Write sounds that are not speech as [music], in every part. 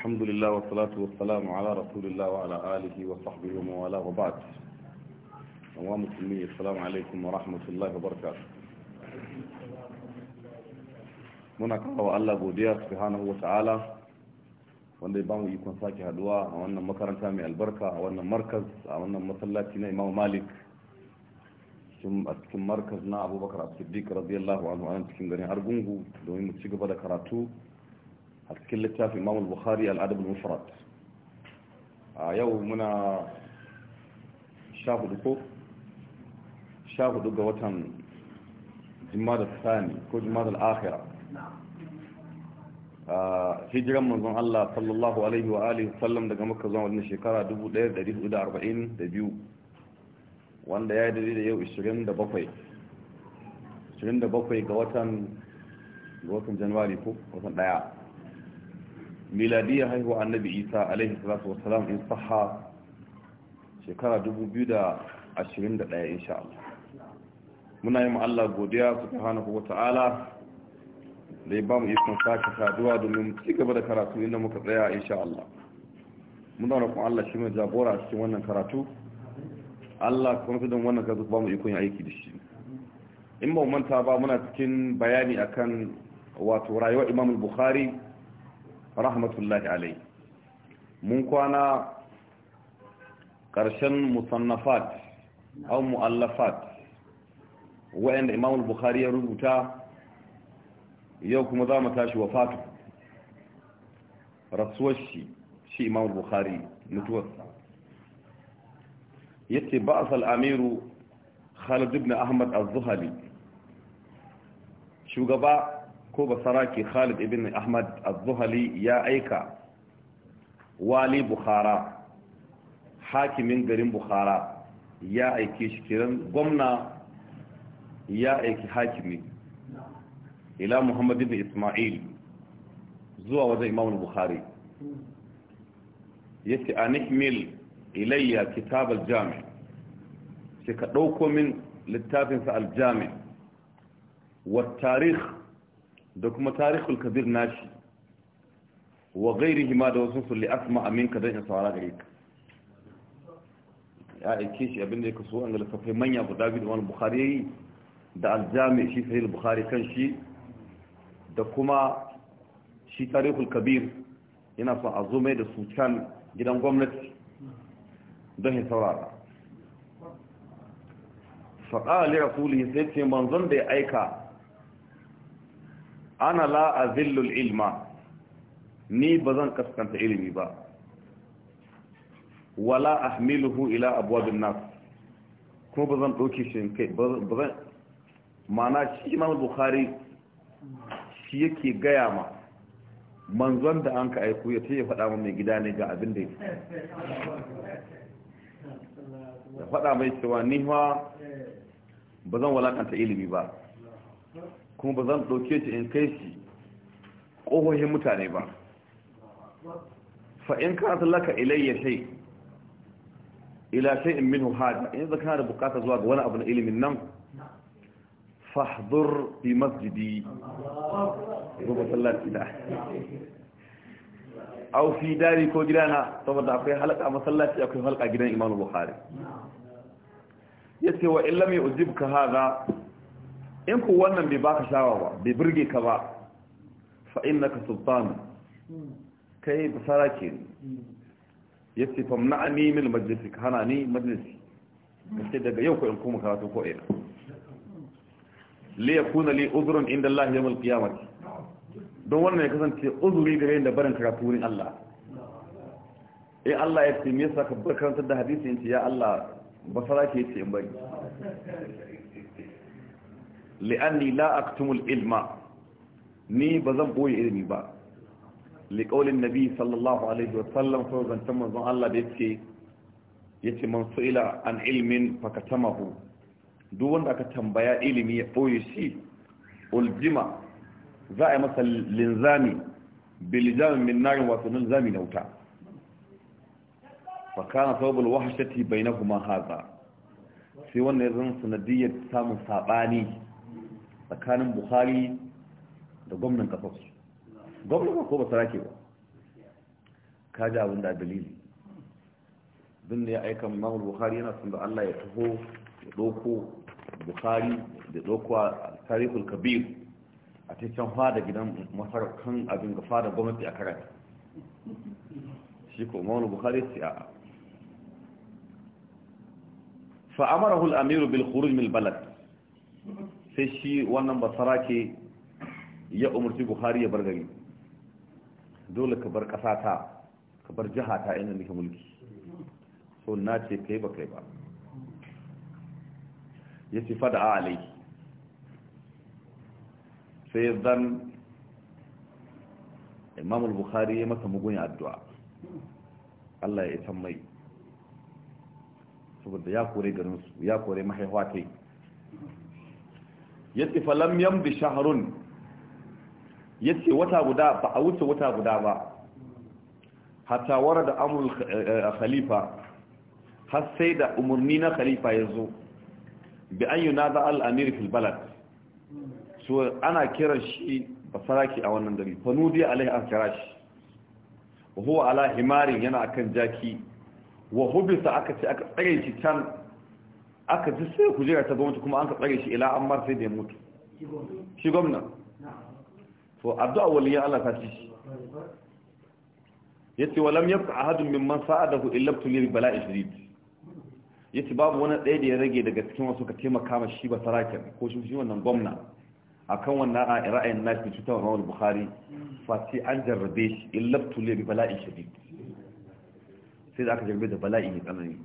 الحمد لله والصلاة والسلام على رسول الله وعلى آله وصحبه ومن وموالاه وبعد أمام السلمية السلام عليكم ورحمة الله وبركاته منك الله وعلى بودية سبحانه وتعالى وانا يبانو يكون ساكي هدواء وانا مكرن تامي البركة وانا مركز وانا مثلاتنا إمام مالك ثم أتكم مركزنا أبو بكر أبو صديق رضي الله عنه وانا تكم غني أرغنغو دوين متشيك بدا كراتو a cikin littafin imam buhari bukhari al-adab a yau muna sha hudu ko sha hudu ga watan jimada tsani ko jimada al'akhira a hijiran manzon Allah sallallahu alaihi wa alihi sallam daga maka zuwa wani shekara 1442 wanda ya yi da yau 27 27 ga watan ga watan januwari ko watan daya miladiyya haihuwa annabi isa alaihi salatu wasalam in saha shekara 2021 insha Allah muna yi Allah godiya subhanahu ta'ala, da ya bamu ikon sake saduwa domin ci gaba da karatu inda muka tsaya insha Allah muna roƙon Allah shi mai jagora a cikin wannan karatu Allah kuma don wannan ka ba mu ikon aiki da shi in ba manta ba muna cikin bayani akan wato rayuwar Imam Bukhari rahmatullahi alai mun kwana ƙarshen musannafat au mu'allafat wa'anda imam bukhari ya rubuta yau kuma za mu tashi fatu rasuwar shi shi imam bukhari mutuwarsa yace ba'as al-amiru Khalid ibn Ahmad az-Zuhali shugaba ko saraki Khalid ibn Ahmad az-Zuhali ya aika wali Bukhara hakimin garin Bukhara ya aike shi kiran gwamna ya aiki hakimi ila Muhammad ibn Isma'il zuwa wajen Imam Bukhari yace anihmil ilayya kitab al-jami' sai ka dauko min littafin sa al-jami' wa tarikh da kuma tarihul kabir nashi wa gairihi ma da wasu sulli asma amin ka don in saurara gare ka ya aike shi abinda ya kaso an galafafai manya guda biyu da wani bukhari ya da aljami shi sahih bukhari kan shi da kuma shi tarihul kabir yana son a da su can gidan gwamnati don ya saurara faƙa ali rasulihi sai ce manzon da ya aika ana la azillul ilma ni ba zan kaskanta ilimi ba wala ahmiluhu ila abwabin nas kuma ba zan ɗauki shi kai ba zan mana shi imam bukhari shi yake gaya ma manzon da an ka aiko ya ce ya faɗa ma mai gida ne ga abin da ya faɗa mai cewa ni ba zan walakanta ilimi ba kuma ba zan ɗauke shi in kai shi ƙohohin mutane ba fa'in ka laka ilayya shai ila shai in min hada in zaka da bukata zuwa ga wani abu na ilimin nan fahdur fi masjidi ko masallaci da au fi dari ko gidana saboda akwai halaka masallaci akwai halaka gidan imamu Ya yace wa illam ujibka hada in ku wannan bai baka shawa ba bai burge ka ba fa innaka sultan kai sarake yace famna'ani amimin majlisi ka hana ni majlisi kace daga yau ko in kuma karatu ko ina li yakuna li uzrun inda Allah yawm al-qiyamah don wannan ya kasance uzuri da yayin da barin karatu wurin Allah eh Allah ya ce me yasa ka bar karantar da hadisi in ce ya Allah basara ke ce in bari li'anni la aktumul ilma ni ba zan boye ilimi ba li qaulin nabi sallallahu alaihi wa sallam zan zantan zan Allah da yake yace man su'ila an ilmin fakatamahu duk wanda aka tambaya ilimi ya boye shi uljima za a yi masa linzami bilijamin min narin wato linzami na wuta fakana sabul wahshati bainahuma hadha sai wannan ya zama sanadiyyar samun sabani tsakanin buhari da gwamnan kafarsu gwamnan ko ba sarake ba ka ji abin da dalili din da ya aika mamul buhari yana sun da allah ya taho ya ɗauko buhari da doko a tarihul kabir a cikin fada gidan masarakan abin ga fada gwamnati a karata shi ko mamul buhari sai a fa'amarahu al-amiru bil khuruj min balad sai shi wannan basara ke ya umarci buhari ya bar gari dole ka bar ƙasa ta ka bar jiha ta inda nake mulki so na ce kai ba kai ba ya ce fada a alai sai zan imamul bukhari ya masa mugun addu'a Allah ya isan mai saboda ya kore garinsu ya kore mahaifatai. yace falam yamdi shahrun yace wata guda ba a wuce wata guda ba hatta da amrul eh, eh, khalifa har sai da umarni na khalifa ya zo bi an yunada al amir fil balad so ana kiran shi basaraki a wannan dare fanudi alaihi an kira shi wa huwa ala himarin yana akan jaki wa hubisa aka ce aka tsare shi can aka ji sai jira ta gwamnati kuma an ka tsare shi ila an mar sai da ya mutu shi gwamna to addu'a waliya Allah ta ci shi yace walam yabqa ahadun mimman sa'adahu illa tulil bala'i shadid yace babu wani ɗaya da ya rage daga cikin wasu ka taimaka ma shi ba sarakin ko shi shi wannan gwamna akan wannan ra'ayin nashi cutar Imam Bukhari fa sai an jarrabe shi illa bi bala'i shadid sai da aka jarrabe da bala'i ne tsanani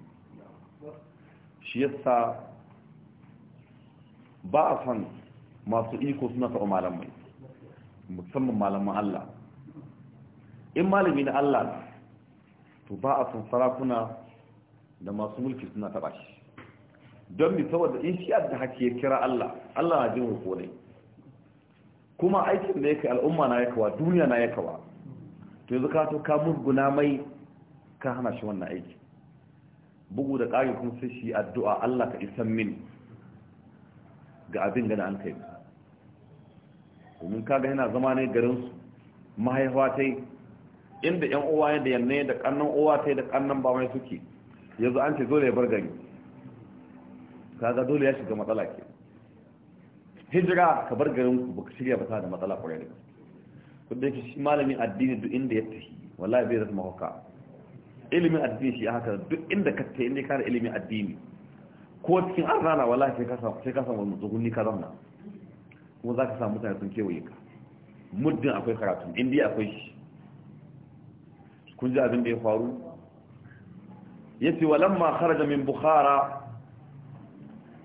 shi yasa ba a san masu iko suna taɓa malamai musamman malaman Allah in malami na Allah to ba a san sarakuna da masu mulki suna taɓa shi don mi saboda in shi da haki ya kira Allah Allah na jin hukunai kuma aikin da ya kai al'umma na ya kawa duniya na ya kawa to yanzu ka to ka musguna mai ka hana shi wannan aiki bugu da ƙari kuma sai shi addu'a Allah ka isan min ga abin gana an kai domin kaga yana zama ne garinsu mahaifa ta inda ‘yan uwa da yanne da ƙannan uwa ta da ƙannan ba mai suke yanzu an ce dole ya bar gari kaga dole ya shiga matsala ke hijira ka bar garin ku baka shirya ba ta da matsala kwarai da gaske duk da yake shi malamin addini duk inda ya tafi wallahi bai zama hauka ilimin addini shi haka duk inda ka ta inda ka da ilimin addini ko cikin an rana wala sai ka samu sai ka samu ka zauna kuma za ka samu mutane sun kewaye ka muddin akwai karatu indiya akwai shi kun ji abin da ya faru wa walamma kharaja min bukhara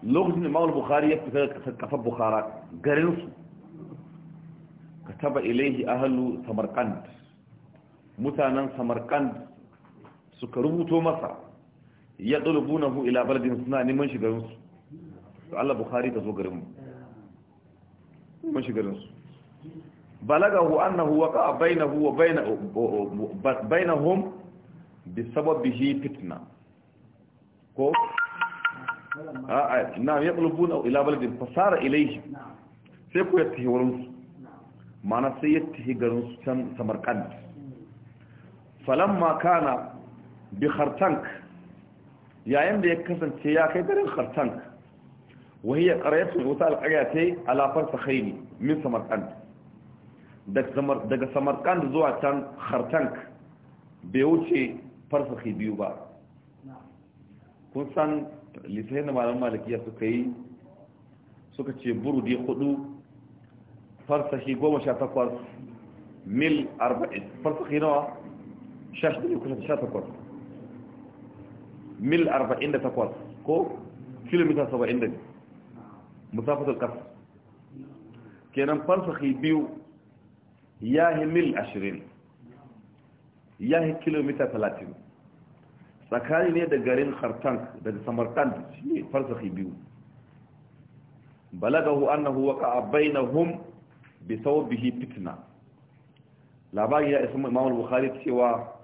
lokacin da mawul bukhari ya fita daga kafar bukhara garinsu ka taba ilaihi ahalu samarkand mutanen samarkand suka rubuto masa ya ɗulubunahu ila baladin suna neman shigarinsu to Allah Bukhari ka zo garinmu neman shigarinsu balagahu annahu waqa bainahu wa bainahum bi sababihi fitna ko a'a na yaqlubuna ila baladin fasara ilayhi sai ku yattahi wurinsu ma'ana sai yattahi garinsu can samarkand hmm. falamma kana bi khartank yayin da ya kasance ya kai garin khartank wahiyar ƙarayatun wuta alƙarya ta yi alafar sahaini min samarkand daga samarkand zuwa can khartank bai wuce farsahi biyu ba kun san lissahin da malam malikiya suka yi suka ce burudi hudu farsahi goma sha takwas mil arba'in farsahi nawa sha shi kusa sha takwas mil 48 ko kilomita 70 musafatul ƙasa kenan farsahi biyu ya yi mil 20 ya yi kilomita 30 tsakani ne da garin khartank daga samarkand shi ne farsahi biyu balagahu annahu waka bainahum bisawo bihi fitna labari ya isa Imam buhari cewa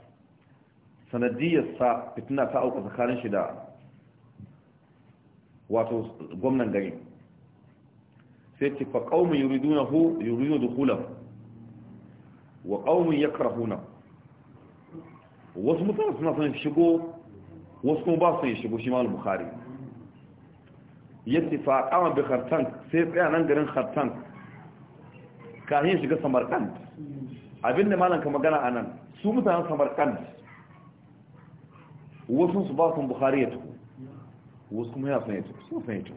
sanadiyarsa fitina ta auka tsakanin shi da wato gwamnan gari sai ce fa qaumun yuridunahu yuridu dukhulahu wa qaumun yakrahuna wasu mutane suna son shigo wasu kuma ba su yi shigo shi malu bukhari yadda fa kama bi khartan sai tsaya nan garin khartan kafin shiga samarkand abinda malanka magana anan su mutanen samarkand wasu su ba sun bukhari ya tuku wasu kuma ya fahimta su fahimta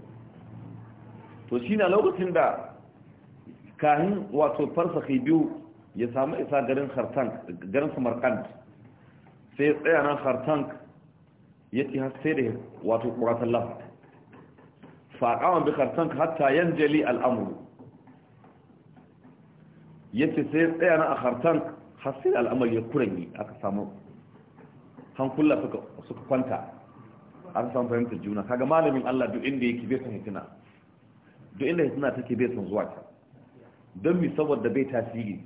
to shi na lokacin da kahin wato farsakai biyu ya samu isa garin hartank garin samarkand sai ya tsaya nan hartank ya ci sai da wato kuratun lafa faƙawan bi hartank hatta yan jali al'amuru ya ce sai ya tsaya nan a hartank har sai al'amari ya kuranyi aka samu hankula suka kwanta an san fahimtar juna kaga malamin Allah duk inda yake bai san hitina duk inda hitina take bai san zuwa ta don mi saboda bai tasiri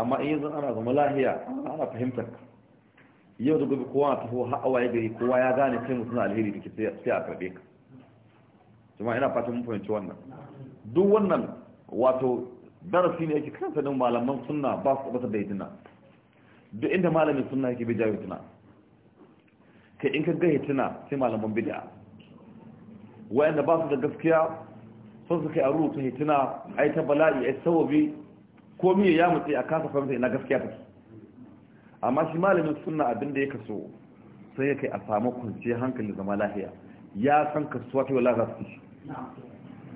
amma in yanzu ana zama lahiya ana fahimtar yau da gobe kowa ta tafi hawa ya gari kowa ya gane kai mutum alheri da ke sai a karbe ka kuma ina fatan mun fahimci wannan duk wannan wato darasi ne yake kansa din malaman sunna ba su bata da hitina duk inda malamin sunna yake bija tuna kai in ka ga tuna sai malaman bid'a wayanda ba su da gaskiya sun su kai a rubuta hituna ai ta bala'i ai sawabi ko miye ya mutse a kasa fahimta ina gaskiya ta amma shi malamin suna abin da ya kaso sai ya kai a samu kwanciyar hankali zama lahiya ya san kasuwa ta wala za su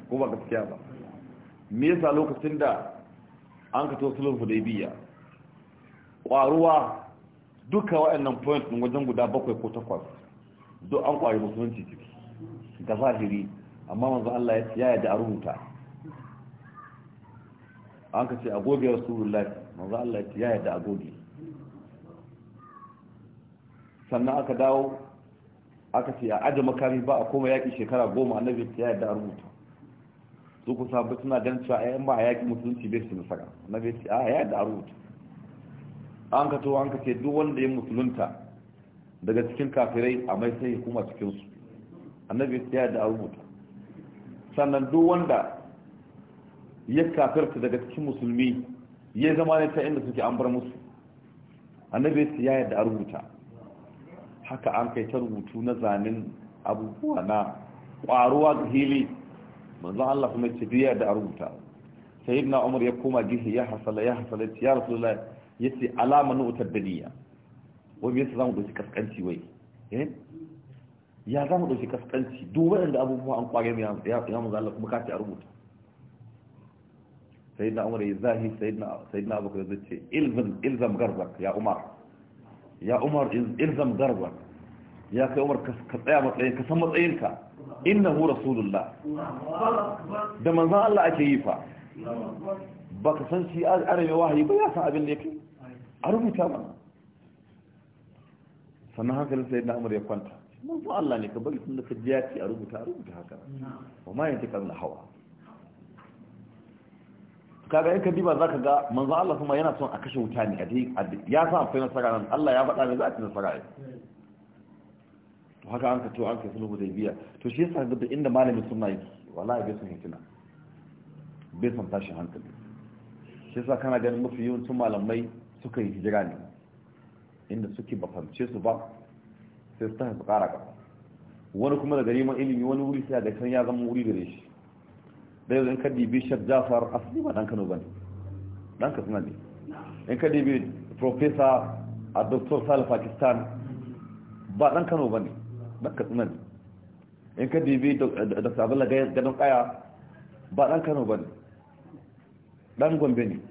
ko ba gaskiya ba me yasa lokacin da an ka to sulhu hudaybiya ƙwaruwa duka waɗannan point wajen guda bakwai ko takwas duk an ƙwari musulunci ciki ga zahiri amma wanzu Allah ya yadda da rubuta an ka ce agoge rasulullahi wanzu Allah ya ya da agogi sannan aka dawo aka ce a ajiye makami ba a koma yaƙi shekara goma annabi ya yadda a rubuta su kusa ba suna ganin cewa ayyan ba a yaƙi musulunci bai su nasara annabi ya yadda a rubuta an ka to an ka ce duk wanda ya musulunta daga cikin kafirai a mai sai hukuma cikinsu annabi ya da abu sannan duk wanda ya kafirta daga cikin musulmi ya zama ne ta inda suke an bar musu annabi ya yadda a rubuta haka an kai ta rubutu na zanen abubuwa na ƙwaruwa ga hili manzon Allah kuma ce ya yadda a rubuta sayyidina Umar ya koma gihe ya hasala ya hasala ya rasulullahi yace alama na utar duniya wai yasa zamu dauki kaskanci wai eh ya zamu dauki kaskanci Duba wanda abubuwa an kware mu ya ya mu zalla kuma kace a rubuta sayyidina umar ya zahi sayyidina sayyidina abubakar zai ce ilzam ilzam garbak ya umar ya umar ilzam garbak ya kai umar ka tsaya matsayin ka san matsayinka innahu rasulullah da manzon Allah ake yi fa baka san shi arabe wahayi ba ya san abin da yake a rubuta mana sannan da sai na ya kwanta manzo Allah ne ka bari tun da ka ji yaki a rubuta a rubuta haka wa ma yanzu kan hawa kaga in ka diba zaka ga manzo Allah kuma yana son a kashe wuta ne a ya sa akwai nasara nan Allah ya faɗa ne za a ci nasara ne to haka an ka to an ka sulhu da biya to shi yasa da inda malamin sunna yake wallahi bai son hitina bai son tashin hankali shi yasa kana ganin mafi yawancin malamai suka yi hijira ne inda suke ba fahimce su ba sai su tafi su kara gaba wani kuma daga neman ilimi wani wuri sai ga can ya zama wuri da shi da yau in ka dibi shaf jafar asali ba dan kano ba ne dan ka suna ne in ka dibi profesa a doktor salih pakistan ba dan kano ba ne dan ka suna ne in ka dibi sabon lagayen gadon kaya ba dan kano ba ne dan gombe ne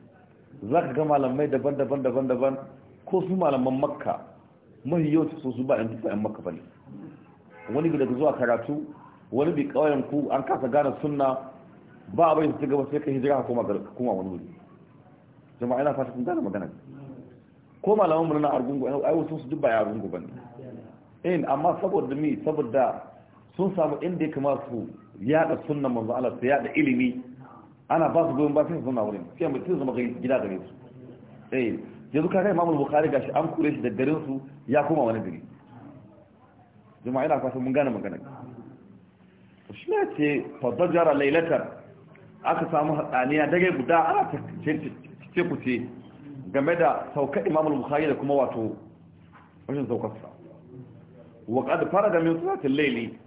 za ka ga malamai daban-daban daban-daban ko su malaman makka mahi yau so su ba yan tufa yan makka bane wani daga zuwa karatu wani bi kawayen ku an kasa gane sunna ba a bayyana gaba sai ka hijira ka koma kuma wani wuri jama'a ina fata kun gane magana ko malaman mu na argungu ai wasu su duk ba ya argungu bane in eh, amma saboda mi saboda sun samu inda ya kamata su yada sunan manzo Allah su yada ilimi ana ba su goyon ba sai su zama wurin sai mutum zama gida gare su eh yanzu kaga imamul bukhari gashi an kure shi da garin su ya koma wani gari jama'a ina fasa mun gane magana shi ne ce fadajara lailatar aka samu hatsaniya dare guda ana ta ce ku ce game da saukar imamul bukhari da kuma wato rashin saukarsa wa fara da min salatil laili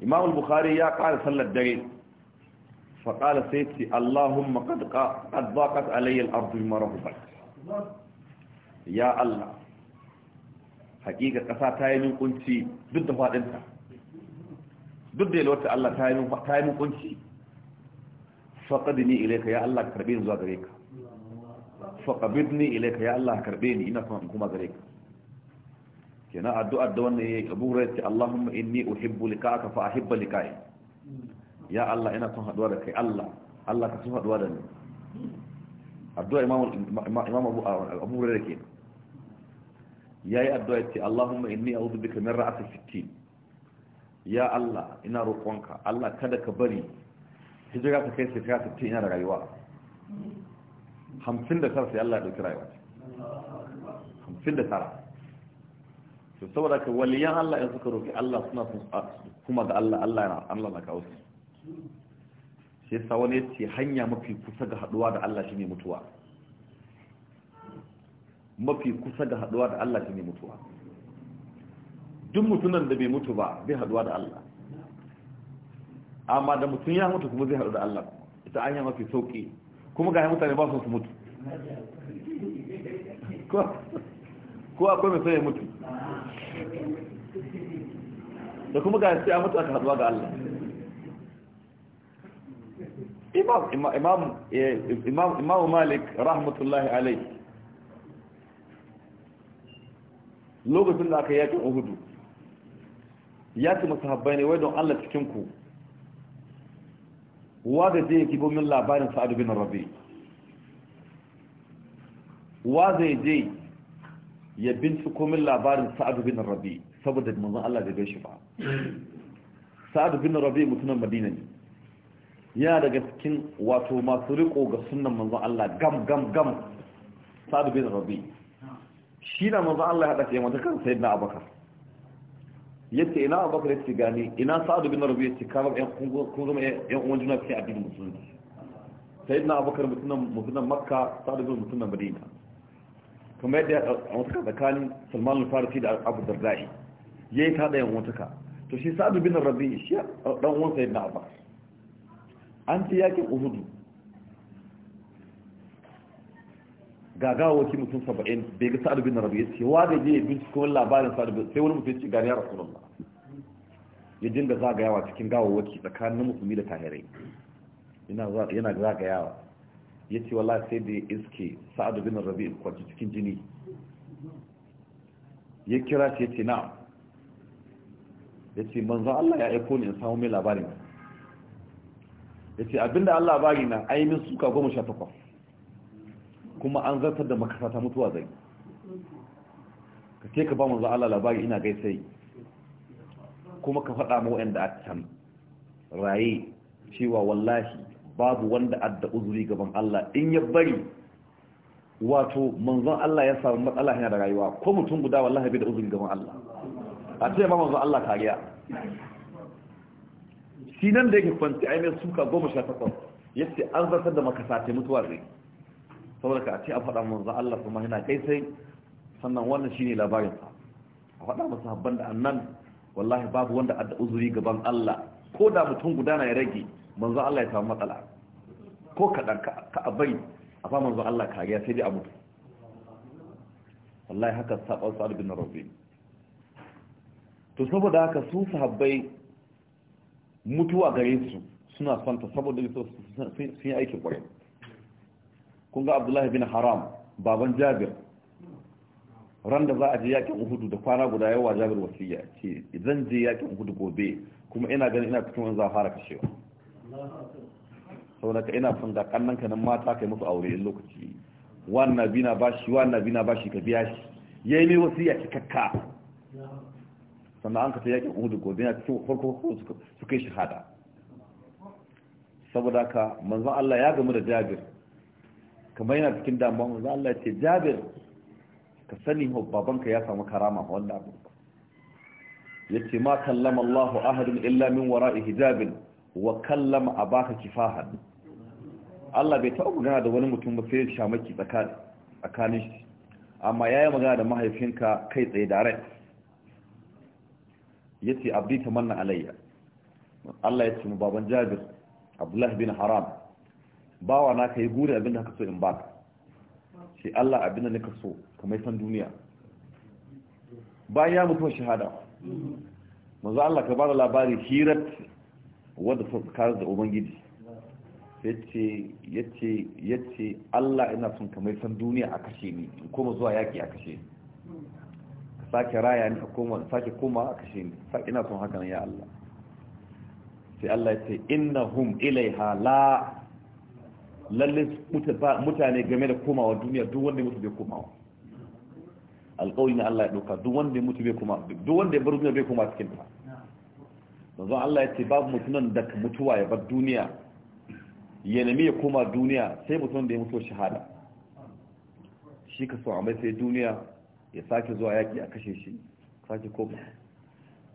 imamul bukhari ya kara sallar dare فقال سيدتي اللهم قد قد ضاقت علي الارض بما رحبت يا الله حقيقه قسا تاي كنتي ضد فادنتا ضد الوقت الله تاي من كنتي فقدني اليك يا الله كربين زوا غريك فقبضني اليك يا الله كربيني انا كما غريك كنا ادعو ادوان ابو ريت اللهم اني احب لقاءك فاحب لقائي ya Allah ina son haduwa da kai Allah Allah ka son haduwa da ni addu'a imam imam Abu Hurairah ke yi addu'a yace Allahumma inni a'udhu bika min ra'ati sittin ya Allah ina roƙonka Allah kada ka bari hijira ta kai shekara 60 ina da rayuwa hamsin da tara sai Allah ya ɗauki rayuwa hamsin 59 to saboda ka waliyan Allah ya suka roƙi Allah suna kuma ga Allah Allah yana Allah na kawo su sai sa wani ce hanya mafi kusa ga haduwa da Allah shine mutuwa mafi kusa ga haduwa da Allah shine mutuwa duk mutunan da bai mutu ba bai haduwa da Allah amma da mutum ya mutu kuma zai haɗu da Allah ita anya mafi sauƙi kuma ga mutane ba su su mutu ko akwai mai sai ya mutu da kuma ga sai a mutu aka haɗuwa ga Allah imam imam eh, imam imam malik rahmatullahi alayhi lokacin da aka yakin uhudu ya ce masahabbai ne wai don Allah cikin ku wa da zai kibo min labarin sa'ad bin rabi wa zai je ya binciko min labarin sa'ad bin rabi saboda manzon Allah da gaishe ba sa'ad bin rabi mutumin madina ne yana daga cikin wato masu riko ga sunan manzon Allah gam gam gam sadu bin rabi shi na manzon Allah ya dace mata kan sayyidina abubakar yace ina abubakar yace gani ina sadu bin rabi yace kama ɗan kun zama ɗan uwan juna fi addinin musulunci sayyidina abubakar mutunan mutunan makka sadu bin mutunan madina kuma yadda a wata tsakanin salman al-farisi da abu dardai yayi ta da yan wata to shi sa'ad bin rabi shi dan uwan sayyidina abubakar an ce yakin uhudu gagawoki mutum saba'in bai ga sa'ad bin rabi ya ce wa da je binciko labarin sa'ad bin sai wani mutum ya ce gani ya rasulullah ya dinga zagayawa cikin gawawaki tsakanin musulmi da tahirai yana zagayawa ya ce wala sai da ya iske sa'ad bin rabi kwanci cikin jini ya kira shi ya ce na ya ce manzo Allah ya aiko ni in samu mai labarin ce abinda Allah bari na suka min sha takwas kuma an zartar da ta mutuwa zai ka ce ka ba mu Allah labari ina gaisai kuma ka faɗa mu wa'anda a can raye cewa wallahi babu wanda adda uzuri gaban Allah in ya bari wato manzon Allah ya samu matsala yana da rayuwa ko mutum guda wallahi bai da uzuri gaban Allah a ce ba manzon Allah kariya shi nan da yake kwanci a yanayin suka goma sha takwas ya ce an zartar da makasa ce mutuwa zai saboda ka ce a faɗa manzan Allah kuma yana kai sai sannan wannan shi ne labarinsa, a faɗa masu habban da annan wallahi babu wanda adda uzuri gaban Allah ko da mutum guda na ya rage manzan Allah ya samu matsala ko kaɗan ka a bai a ba manzan Allah kariya sai dai a mutu wallahi haka saɓon sa'ad bin rabbi to saboda haka su sahabbai mutuwa gare su suna saboda ta saboda sun yi aikin kwarai kun ga abdullahi bin haram baban jabir ran da za a je yakin uhudu da kwana guda yawa jabir wasiya ce zan je yakin uhudu gobe kuma ina ganin ina cikin wani zafara kashewa Sau ka ina son ga kannan kanan mata kai musu aure in lokaci wannan bina bashi wannan bina bashi ka biya shi yayi yi wasiya cikakka sannan an ka ta yakin uhudu gobe na cikin farko su kai shahada saboda ka manzo Allah ya gamu da jabir kamar yana cikin damuwa manzo Allah ya ce jabir ka sani ho babanka ya samu karama wanda abu ya ce ma kallama Allahu ahadin illa min wara'i hijabin wa kallama abaka kifahan Allah bai taɓa magana da wani mutum ba sai shamaki tsakanin shi amma yayi magana da mahaifinka kai tsaye direct ya ce abdi ta manna alayya Allah ya ce mu baban jabir abdullahi bin haram bawa na ka yi guri abin da ka so in baka ce Allah abin da nika so kamar san duniya bayan ya mutu shahada manzo Allah ka bada labari hirat wadda ta tsakar da ubangiji yace yace yace Allah ina son kamar san duniya a kashe ni in koma zuwa yaki a kashe ni sake raya ni ka koma sake koma a kashe ni sake ina son haka ya Allah sai Allah ya ce innahum ilaiha la lalle mutane game da komawa duniya duk wanda mutu bai komawa alƙawari na Allah ya ɗauka duk wanda mutu bai koma duk wanda ya bar duniya bai koma cikin ta manzon Allah ya ce babu mutunan da mutuwa ya bar duniya ya nemi ya koma duniya sai mutum da ya mutu shahada shi ka so a sai duniya ya sake zuwa yaki a kashe shi sake koma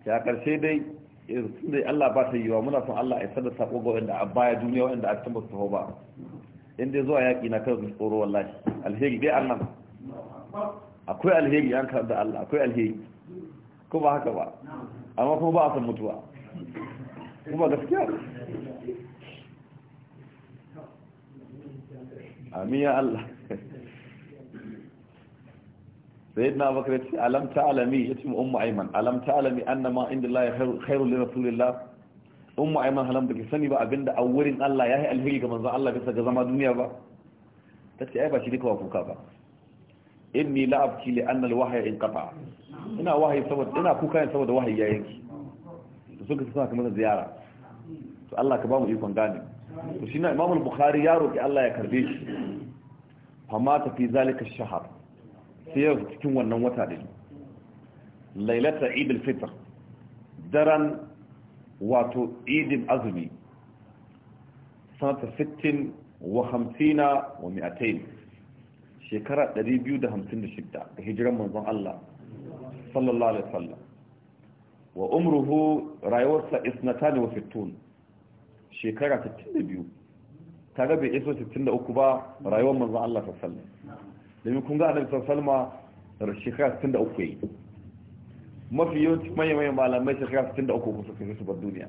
ya karshe dai sun dai Allah ba ta yi wa muna son Allah ya sada sako ga wanda a baya duniya wanda a cikin su ba in dai zuwa yaki na kar su tsoro wallahi alheri dai Allah akwai alheri an kar Allah akwai alheri ko ba haka ba amma kuma ba a san mutuwa kuma gaskiya amin ya Allah سيدنا أبو بكر ألم تعلمي اسم أم أيمن ألم تعلمي أن ما عند الله خير, خير لرسول الله أم أيمن هلم بك سني بقى بند أولين الله يهي الهي من ذا الله بس جزما دنيا بقى تتي باشي شديك وفوكا بقى إني لا أبكي لأن الوحي انقطع إنا وحي saboda إنا كوكا ne saboda wahayi ya yanki to suka زيارة الله ziyara to Allah ka ba mu ikon gane to shi na Imam Bukhari ya roki sai ya cikin wannan wata din lailata idil fitr daren wato idin azumi sanata 60 wa 50 wa 200 shekara 256 ga hijiran manzon Allah sallallahu alaihi wasallam wa umruhu rayuwarsa isnatani wa fittun shekara 62 kaga bai iso 63 ba rayuwar manzon Allah sallallahu alaihi wasallam domin kun ga annabi salma shekara 63 yi mafi yawanci manyan malamai shekara 63 ko suka su bar duniya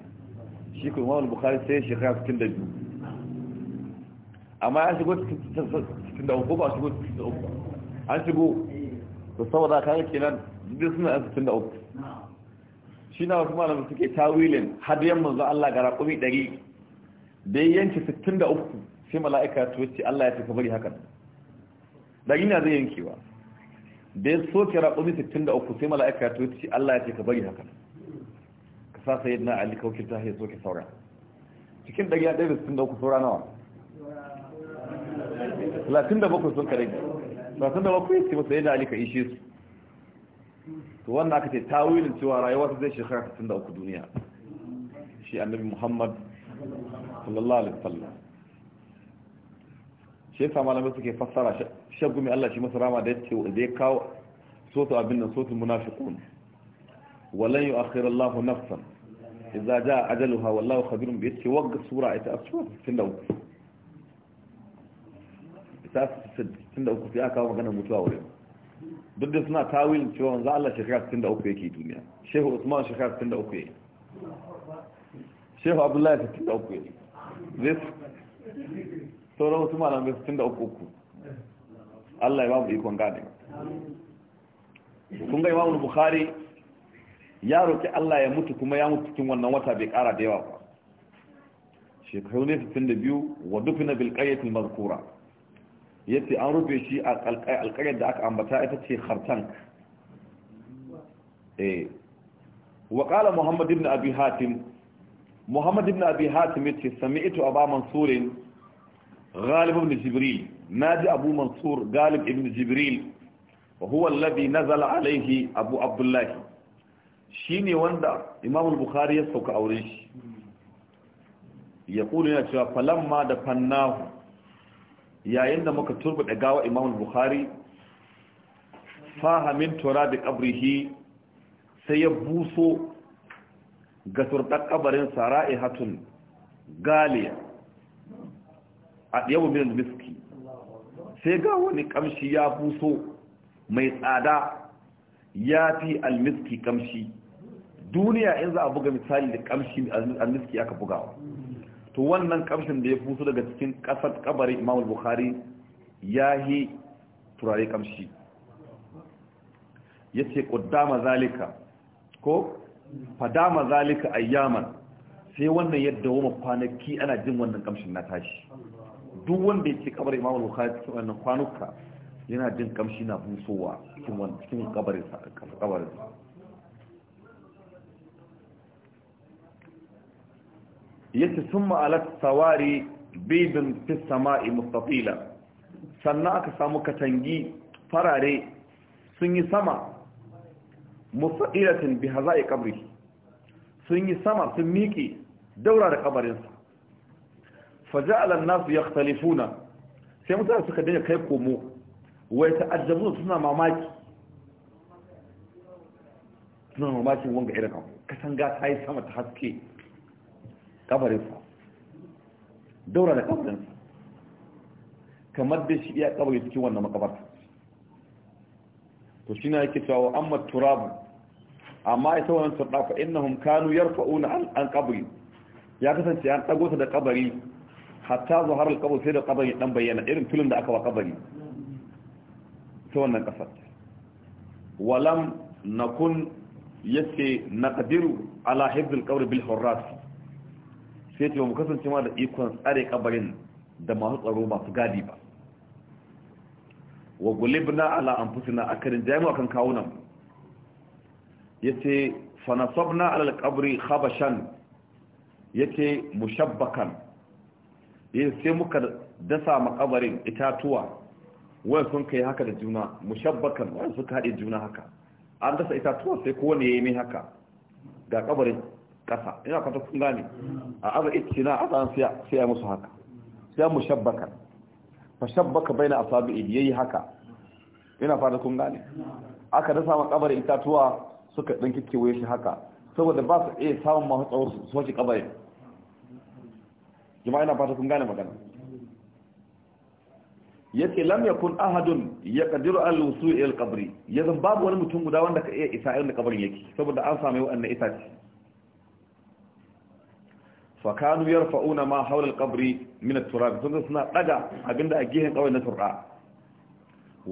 shi ko Bukhari sai shekara 62 amma ya shigo 63 ba shigo 63 an shigo da saboda kaga kenan duk suna 63 shi na wasu malamai suke tawilin hadiyan manzo Allah ga raƙumi 100 da yanki 63 sai mala'ika to ce Allah ya tafi bari hakan da ina zai yankewa da ya soke raƙumi 63 sai mala'ika ya tuci Allah ya ce ka bari haka ka sa sai na Ali kawkin ta ya soke saura cikin ɗari ya ɗari 63 saura nawa 37 sun kare 37 ya ce masa yadda Ali ka ishe su to wannan aka ce ta tawilin cewa rayuwa ta zai shekara 63 duniya shi annabi Muhammad sallallahu alaihi wasallam shi yasa malamai suke fassara shaggumi Allah shi masa rama da ya ce zai kawo sotu abin nan sotu munafiqun walan yu'akhir Allah nafsan idza jaa ajaluha wallahu khabirun bi yace wagga sura ita asura 63 ita 63 sai aka magana mutuwa wurin duk da suna tawil cewa manzo Allah shekara 63 yake duniya shehu Usman shekara 63 yake shehu Abdullahi 63 yake this sauran wasu malamai 63 Allah ya ba mu ikon gane kun ga imamu bukhari ya roki Allah ya mutu kuma ya mutu cikin wannan wata bai kara da yawa ba shekaru ne biyu wa dufina bil qayyatil mazkura yace an rufe shi a alƙayyar da aka ambata ita ce khartank eh wa qala muhammad ibn abi hatim muhammad ibn abi hatim yace sami'tu aba mansur ghalib ibn jibril ناجي أبو منصور غالب ابن جبريل وهو الذي نزل عليه أبو عبد الله شيني وندا إمام البخاري يسوك أوريش يقول لنا شوى فلما دفناه يا يند مكة تربة أقاوة إمام البخاري فاها من تراب قبره سيبوسو قترت تقبر سرائحة غالية a من المسكين sai ga wani kamshi ya buso mai tsada ya fi almiski kamshi duniya in za a buga misali da kamshi almiski aka bugawa to wannan kamshin da ya buso daga cikin kasar kabarin imam bukhari ya yi turare kamshi ya ce kudama zalika ko fadama zalika ayyaman sai wannan yadda wama kwanaki ana jin wannan kamshin na tashi duk wanda ya ce kabar imam bukhari cikin wannan kwanuka yana jin kamshi na busowa cikin wannan cikin kabarin sa kabarin yace summa alat sawari bidun fi sama'i mustatila sannan aka samu katangi farare sun yi sama mustaqilatin bi hazai kabri sun yi sama sun miƙe daura da kabarinsa faja'ala an-nasu yakhtalifuna sai mutane suka dinga kai komo wai ta'ajjabuna suna mamaki suna mamakin wanga irin abu katanga ta yi sama ta haske kabarinsa daura da kabarinsa kamar da shi iya kabari cikin wannan makabarta to shi na yake cewa amma turabu amma ita wannan turɗa fa innahum kanu yarfa'una an qabri ya kasance an dago ta da kabari hatta zuhar alƙabar sai da ƙabari ɗan bayyana irin filin da aka wa ƙabari ta wannan ƙasar walam na kun yace na ƙadiru ala hibzul ƙabar bil horas sai ce ba kasance ma da ikon tsare ƙabarin da masu tsaro masu gadi ba wa gulibna ala anfusina akarin jami'a kan kawunan yace fa nasabna ala alqabri khabashan yace mushabbakan Eh, sai muka dasa makabarin itatuwa wani sun kai haka da juna mushabbakan wani suka haɗe juna haka an dasa itatuwa sai kowane ya yi haka ga kabarin ƙasa ina kwata kun gane a aza ice na aza an sai ya musu haka sai mushabbakan fashabbaka bai na idi ya yi haka ina fata kun gane aka dasa makabarin itatuwa suka ɗan kikkewaye shi haka saboda ba su iya samun masu tsawon su wace kabarin jama'a ina fata kun gane magana yace lam yakun ahadun yaqdiru al wusul ila al qabri yanzu babu wani mutum guda wanda ka iya isa irin kabarin yake saboda an same wannan itace fa kanu yarfa'una ma hawla al qabri min al turab sun suna daga abinda a gehen kawai na turba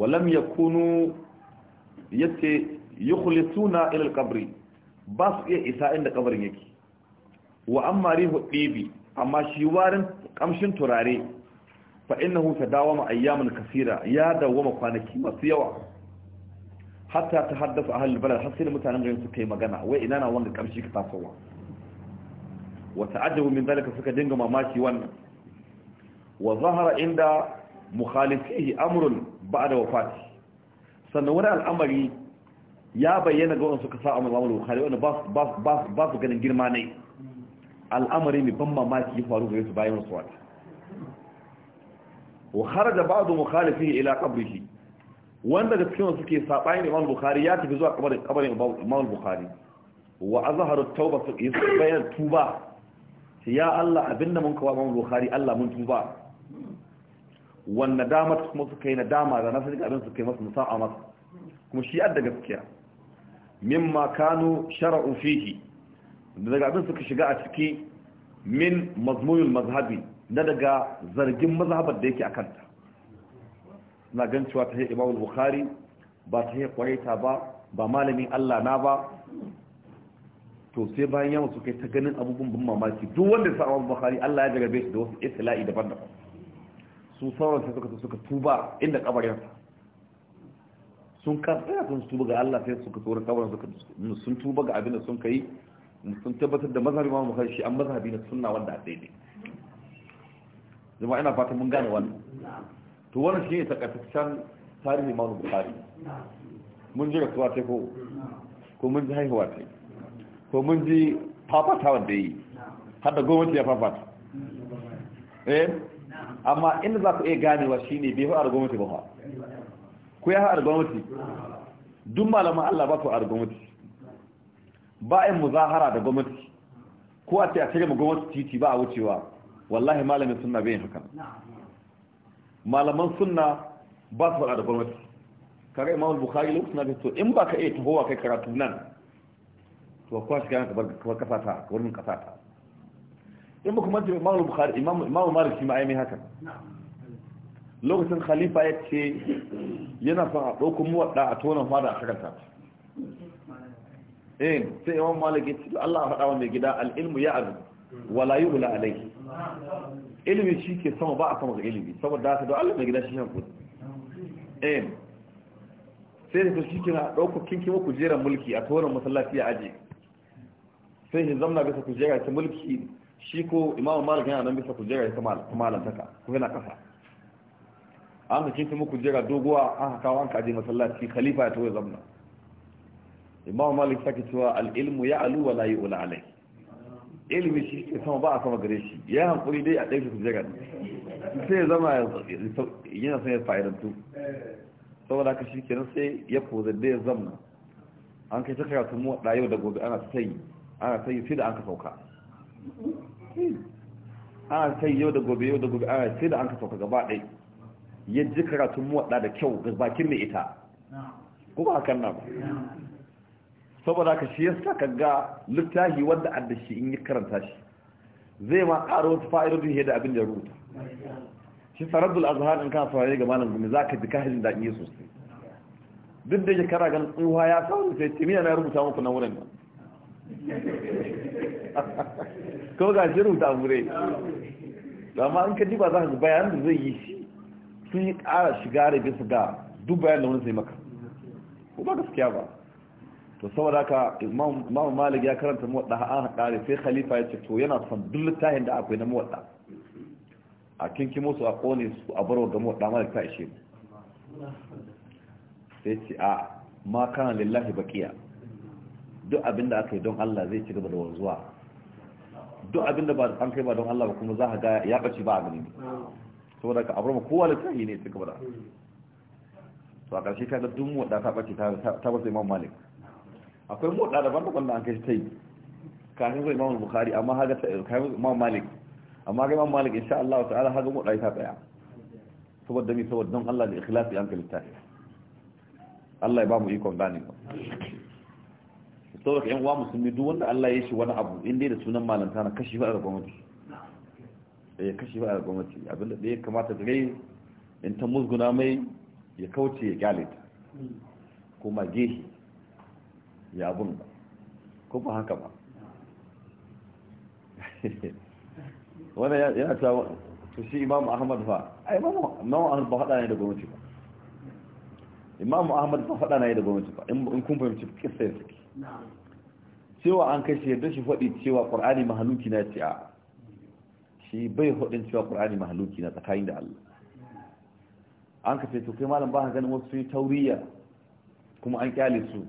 wa lam yakunu yace yukhlisuna ila al qabri ba iya isa inda kabarin yake wa amma rihu dibi amma shi warin kamshin turare fa innahu tadawama ayyaman kasira ya dawama kwanaki masu yawa hatta ta haddasa ahal balad har sai mutanen garin suka yi magana wai ina na wanda kamshi ka tasowa wa ta'ajjabu min dalika suka dinga mamaki wannan wa zahara inda mukhalifihi amrun ba'da wafati sannan wani al'amari ya bayyana ga wanda suka sa amrul bukhari wanda ba ba ba su ganin girma ne al'amari mai ban mamaki ya faru gare su bayan rasuwa wa kharaja ba'd mukhalifin ila qabrihi wanda da cikin suke sabani Imam Bukhari ya tafi zuwa kabarin kabarin Imam Bukhari wa azharu tauba su bayan tuba ya Allah abinda mun kawo Imam Bukhari Allah mun tuba wanda damar kuma suka yi nadama da nasarar abin suka yi masu musa'a masu kuma shi yadda gaskiya mimma kanu shara'u fihi daga abin suka shiga a ciki min mazmuyul mazhabi na daga zargin mazhabar da yake a kanta na gan cewa ta yi imamul bukhari ba ta yi kwaita ba ba malamin allah na ba to sai bayan yawon suka kai ta ganin abubuwan ban mamaki duk wanda ya sa'a bukhari allah ya jagabe shi da wasu itila'i daban-daban su sauran sai suka suka tuba inda kabarinsa sun ya sun tuba ga allah sai suka tsoron kabarin suka sun tuba ga abin da sun kai sun tabbatar da mazhabi ma muhalli shi an mazhabi na sunna wanda a daidai zama ina fata mun gane wannan to wannan shine takaitaccen tarihi imam bukari mun ji rasuwa ta ko ko mun ji haihuwa ta ko mun ji fafata wanda yi har da gwamnati ya fafata eh amma inda za ku iya ganewa shine bai fa'ar gwamnati ba ku ya fa'ar gwamnati duk malaman Allah ba ku ar gwamnati ba a yin muzahara da gwamnati ko a ce a cire mu gwamnati titi ba a wucewa wallahi malamin sunna bai haka malaman sunna ba su da gwamnati Kare imam bukhari lokacin da to in ba ka iya tahowa kai karatu nan to a shi kana kabar kasa ta wurin kasa ta in ba kuma jami'a imam bukhari imam imam malik shi ma ai mai haka lokacin khalifa ya ce yana son a ɗauko muwaɗa a tona fada a karanta eh sai imam maliki Allah ya faɗa wa mai gida al-ilmu ya'zu wala yuhla alayhi ilimi shi ke sama ba a sama ga ilimi saboda haka don Allah mai gida shi shan kudi eh sai da shi kina ɗaukar kinki wa kujerar mulki a tauran masallaci a aji sai shi zamna bisa kujera ta mulki shi ko imamu malik yana nan bisa kujera ta malantaka ko yana kasa an ka kinki mu kujera doguwa an haka an kaji masallaci khalifa ya tauye zamna imam malik sake cewa al'ilmu ya alu wa layi ula alai ilimi shi ke sama ba a sama gare shi ya hankuri dai a ɗaya su kuje sai ya zama yana sanya ya fa'idantu saboda ka shi kenan sai ya koza da ya zamna an kai ta sun mu waɗa yau da gobe ana ta ana sai da an ka sauka ana sayi yau da gobe yau da gobe ana sai da an ka sauka gaba ɗai ya ji karatun mu da kyau ga bakin mai ita kuma hakan na ba saboda ka shi yasa ka ga littafi wanda adda shi in yi karanta shi zai ma ƙaro su fa'idodin da abin da rubuta shi saradul azhar in ka saurare ga malam gumi za ka ji da iya sosai duk da shekara ganin tsuwa ya samu sai timiya na rubuta muku na wurin nan [laughs] ko ga shi rubuta da amma in ka ji ba za ka bayan da zai yi shi sun yi ƙara shiga da bisa ga duk bayan da wani sai maka ko ba gaskiya ba to saboda ka imam malik ya karanta muwadda an haɗari sai khalifa ya ce to yana son duk littafin da akwai na muwadda a kinki musu a kone su a barwa ga muwadda malik ta ishe mu sai ce a ma kana lillahi baqiya duk abinda aka yi don Allah zai ci gaba da wanzuwa duk abinda ba an kai ba don Allah ba kuma za ka ga ya bace ba a gani saboda ka abrama kowa littafi ne ci gaba da to a ƙarshe ka ga duk muwadda ta bace ta ta sai Imam Malik akwai moda daban-daban da an kai ta yi kafin zai mamun bukari amma haga ta kafin mamun malik amma ga mamun malik insha Allah ta'ala haga moda ita tsaya saboda mi saboda don Allah da ikhlasi an kalita Allah ya ba mu ikon gane ba saboda yan uwa musulmi duk wanda Allah ya shi wani abu in dai da sunan malanta na kashi ba a gwamnati eh kashi ba a gwamnati abinda da ya kamata gare in ta musguna mai ya kauce ya galita ta kuma gehe bun ba kuma haka ba [laughs] wani yana cewa to shi imamu ahmad fa a imamu ahmad ba haɗa ne da gwamnati ba imamu ahmad ba haɗa ne da gwamnati ba in kun fahimci kisa ya suke cewa an kai shi yadda shi faɗi cewa ƙwar'ani mahaluki na ce a shi bai faɗin cewa ƙwar'ani mahaluki na tsakanin da allah an ka to kai malam ba ganin wasu sun yi tauriya kuma an kyale su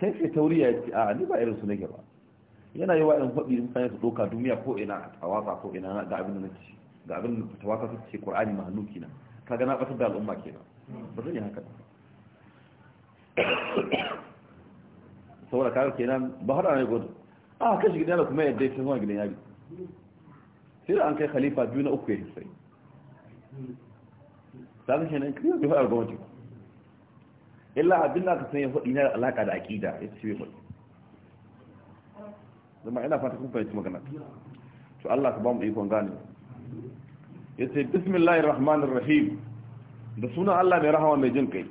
kai kai tauriya ya ce a ni ba irin su nake ba yana yi wa in faɗi in sanya su ɗoka duniya ko ina a waka ko ina ga abin da nake ga abin da ta waka su ce ƙur'ani mahallu kenan kaga na ɓatar da al'umma kenan ba zan yi haka ba saboda kaga kenan ba haɗa ne gudu a ka shi gidan da kuma yadda ya fi zuwa gidan yari sai da an kai khalifa biyu na uku ya sai ta zai kenan kiyar da fa'ar gwamnati illa abin da aka sanya faɗi na alaƙa da aƙida ya ce faɗi zama ina fata kun fahimci magana to Allah ka ba mu ikon gane ya ce bismillahir rahmanir rahim da sunan Allah mai rahama mai jin kai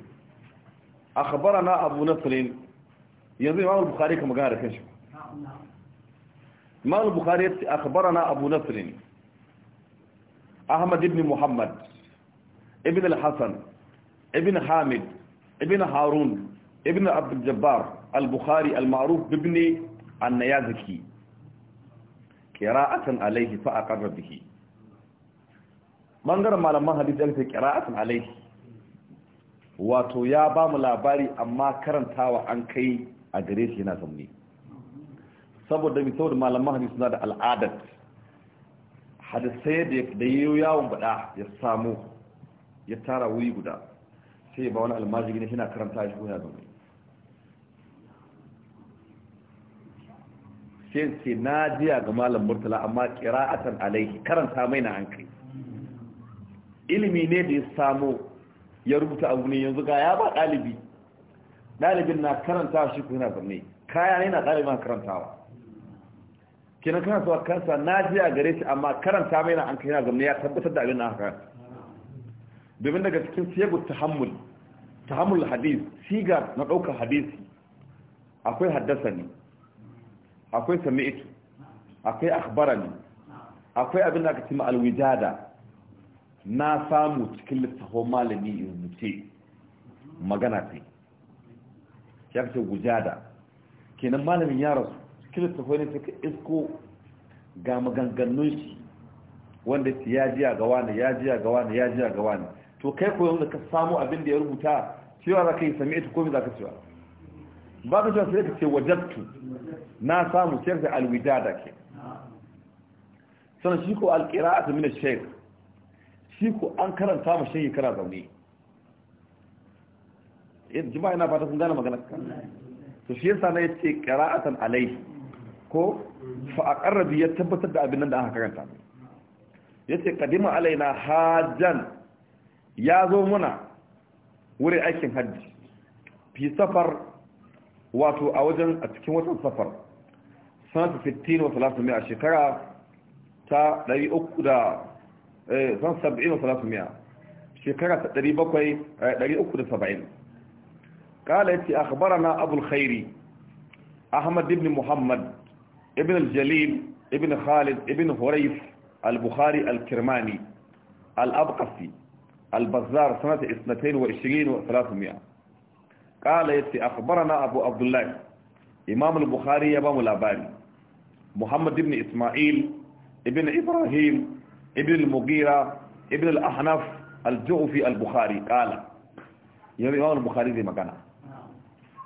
akhbarana abu nasr yanzu imam al-bukhari ka magana da kanshi imam al-bukhari ya ce akhbarana abu nasr ahmad ibn muhammad ibn al-hasan ibn hamid ibn harun ibn abdul jabbar al-bukhari al-ma'ruf ibn an-nayazaki qira'atan fa aqarra bihi bangaren malaman hadisi an ce qira'atan wato ya ba mu labari amma karantawa an kai a gare shi na zamne saboda mi saboda malaman hadisi suna da al'adat hadisai da ya yawon bada ya samu ya tara wuri guda sai ba wani almajiri ne shi na karanta shi koya zaune sai sai na jiya ga malam murtala amma kira'atan alaihi karanta mai na hankali ilimi ne da ya samo ya rubuta abu ne yanzu ga ya ba ɗalibi ɗalibin na karanta shi ko yana zaune kaya ne na ɗalibin karantawa kina kana so kansa na jiya gare shi amma karanta mai na hankali yana zaune ya tabbatar da abin na haka domin daga cikin siyagu tahammul tahammul hadis siga na ɗaukar hadisi akwai haddasa ne akwai sami'itu akwai ne akwai abin da aka cima alwijada na samu cikin littafin malami in mutu magana ce ya fi gujada kenan malamin ya rasu cikin littafin ne suka isko ga maganganun shi wanda ya jiya ga wani ya jiya ga wani ya jiya ga wani to kai koyon da ka samu abin da ya rubuta cewa za ka yi sami ita komi za ka cewa ba ka cewa sai ka ce wajattu na samu shek da alwida da ke sannan shi ko alƙira a tamina shek shi ko an karanta ma shek kara zaune eh, jima'a yana fata sun gane maganar ka to shi yasa na yace qira'atan alai ko fa aqarrabi ya tabbatar da abin nan da aka karanta yace qadima alaina hajjan ya zo muna wuri aikin hajji fi safar wato a wajen a cikin watan safar sanata 15 wa 300 a shekara ta 370 eh, wa 300 shekara ta 370 kala eh, yace akhbarana abul khairi ahmad ibn muhammad ibn Aljalil ibn khalid ibn huraif al-bukhari al-kirmani al-abqasi البزار سنة اثنتين وعشرين وثلاثمائة قال يتي أخبرنا أبو عبد الله إمام البخاري يبام الأباري محمد بن إسماعيل ابن إبراهيم ابن المغيرة ابن الأحنف الجعفي البخاري قال يوم إمام البخاري زي ما كان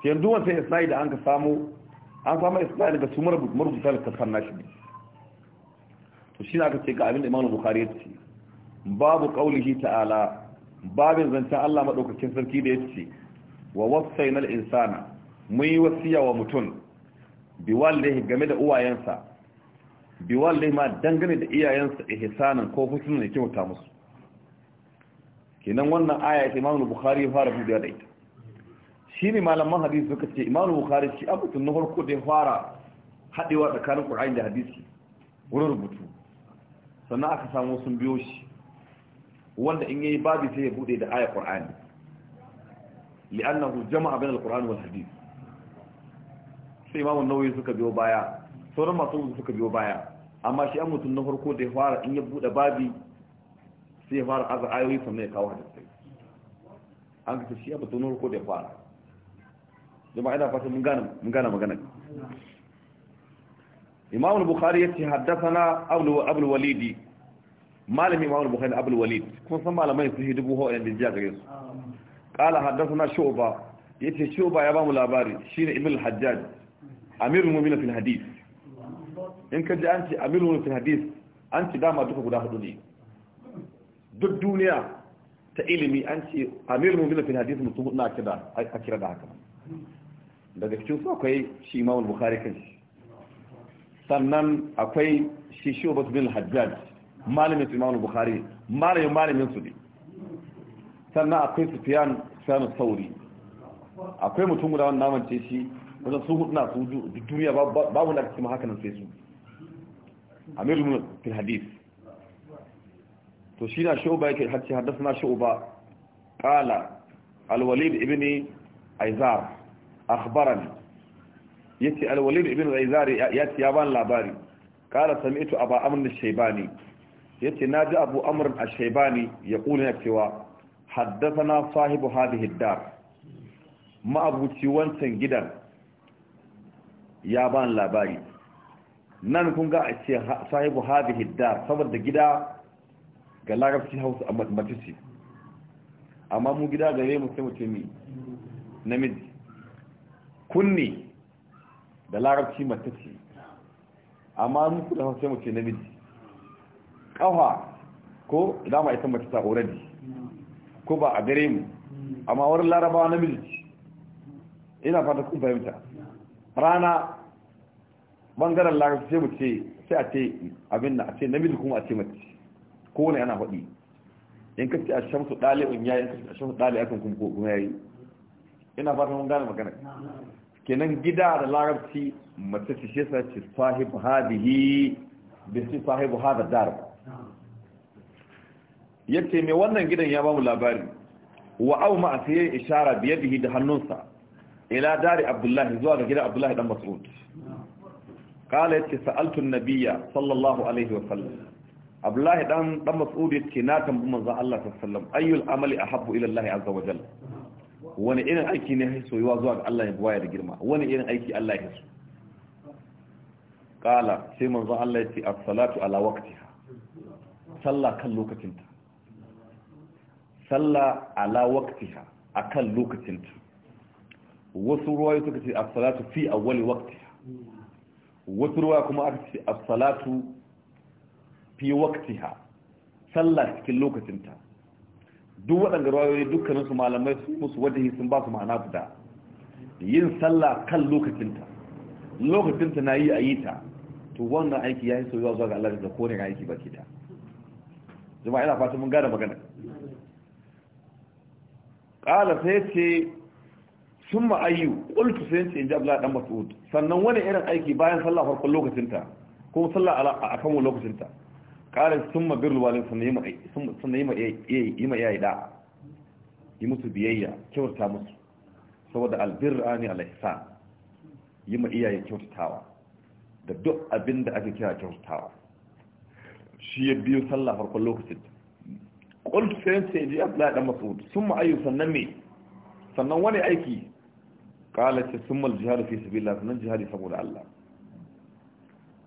يندون في إسناعيل أنك سامو an سامو isna'il بس su marubuta littattafan nashi ne to shi na aka ce ga babu qaulihi ta'ala babin zancen Allah madaukakin sarki da yace wa wasainal insana mun yi wasiya wa mutum biwallihi game da uwayensa biwallihi ma dangane da iyayensa ihsanan ko husnun da kyauta musu kenan wannan aya ta Imam Bukhari ya fara buɗe da ita shine malaman hadisi suka ce Imam Bukhari shi abutun na farko da ya fara hadewa tsakanin Qur'ani da hadisi wurin rubutu sannan aka samu sun biyo shi wanda in yayi babu sai ya bude da ayar qur'ani li'annahu jama'a bainal qur'ani wal hadith sai imamu nawawi suka biyo baya sauran masu suka biyo baya amma shi an mutum na farko da ya fara in ya bude babi sai ya fara aza ayoyi sannan ya kawo sai an kasa shi a mutum na farko da ya fara jama'a ina fata mun gane magana imamu bukhari ya ce haddasa na walidi مالم امام البخاري ابو الوليد كون سما لما يفيه دبو هو ان قال حدثنا شعبة يتي شعبة يا ابو لاباري شين ابن الحجاج امير المؤمنين في الحديث ان كنت انت امير المؤمنين في الحديث انت دام دوك غدا حدني دو دنيا تعلمي انت امير المؤمنين في الحديث متفقنا كده اي فكره ده كمان da ga cikin su akwai shi imamul bukhari kan sannan akwai shi shubat malamin su imamu bukhari malamin malamin su ne sannan akwai sufiyan sanu sauri akwai mutum guda naman namance shi wajen su hudu na su duniya babu da cikin haka nan sai su amir lumun fil hadis to shi na shuba yake hacci haddasa na shuba qala al-walid ibn aizar akhbarani yace al-walid ibn aizar yace ya bani labari qala sami'tu aba amr al-shaybani yace na ji Abu Amr al-Shaybani ya kula cewa haddathana sahibu hadhihi ad-dar ma'abuci wancan gidan ya ba labari nan kun ga a ce sahibu hadhihi ad-dar saboda gida ga larabci Hausa a matici amma mu gida gare mu sai mutumi namiji kunni da larabci matici amma mu da Hausa sai mutumi namiji ƙafa ko dama ita mace ta already ko ba a gare mu amma wurin larabawa na miliki ina fata kun fahimta rana bangaren larabci sai mu ce sai a ce abin a ce namiji kuma a ce mace ko wani ana faɗi in kashi a shamsu ɗali'un ya yayi a shamsu a kan kuma kuma yayi ina fata mun gane magana kenan gida da larabci mace ce sai yasa ce sahibu hadihi bi sahibu hada darba yace me wannan gidan ya bamu labari wa au ma asiye ishara biyadihi da hannunsa ila dari abdullahi zuwa ga gidan abdullahi dan mas'ud kala yace sa'altu an-nabiyya sallallahu alaihi wa sallam abdullahi dan dan mas'ud yace na tambayi manzo Allah sallallahu alaihi wasallam ayyul amali ahabbu ila Allah azza wa jalla wani irin aiki ne ya soyuwa zuwa ga Allah ya buwaya da girma wani irin aiki Allah ya so kala sai manzo Allah yace as-salatu ala waqtiha sallah kan lokacinta Salla ala waqtiha akan lokacinta wasu ruwaye suka ce as-salatu fi awwali waqtiha wasu ruwa kuma aka ce as-salatu fi waqtiha sallah cikin lokacinta duk waɗanda ruwayoyi dukkanin su malamai su musu wajihi sun ba su ma'ana guda yin sallah kan lokacinta lokacinta na yi a yi ta to wannan aiki ya yi soyuwa zuwa ga Allah da kone aiki baki ta jama'a ina fata mun gane magana ƙala sai ce sun ma'ayyu ƙultu sai ce in ji abdullahi ɗan mas'ud sannan wani irin aiki bayan sallah farkon lokacinta ko sallah a kan lokacinta ƙala sun ma birru walin sannan yi ma iyayi da yi musu biyayya kyauta musu saboda albirra a alaihsan yi ma iyaye kyautatawa da duk abin da ake kira kyautatawa shi ya biyu sallah farkon lokacinta qultu sai sai ji Abdullah dan Mas'ud summa ayu sannan me sannan wani aiki kala ce sun al-jihad fi sabilillah sannan jihadi saboda Allah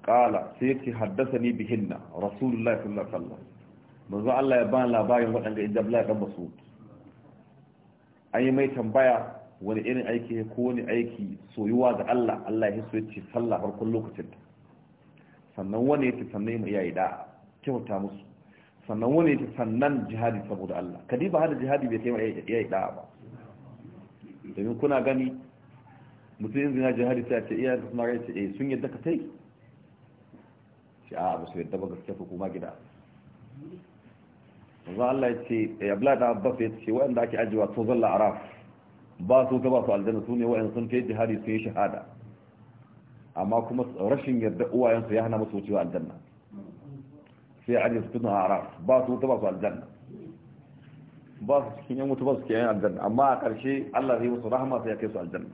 Kala sai yake ni bihinna rasulullah sallallahu alaihi wasallam manzo Allah ya ba labarin wadanda inda Abdullah dan Mas'ud an yi mai tambaya wani irin aiki ko wani aiki soyuwa ga Allah Allah ya so ce sallah farkon lokacin sannan wani ya ce sannan ya yi da kyauta musu sannan wani ta sannan jihadi saboda Allah kadiba hada jihadi bai taimaka ya yi da'a ba domin kuna gani mutum yin zina jihadi sai ce iya da suna ce eh sun yadda ka tai shi a ba su yadda ba gaske ko kuma gida za Allah ya ce ya eh, bla da abbas ya ce waɗanda ake ajiwa to zalla araf ba su ta ba su aljanna su ne waɗanda sun kai jihadi sun yi shahada amma kuma rashin yarda uwayensu ya hana musu wucewa aljanna sai an yi suna haram ba su wuta ba su aljanna ba su cikin yan wuta ba su cikin yan aljanna amma a ƙarshe Allah zai musu rahama sai ya kai su aljanna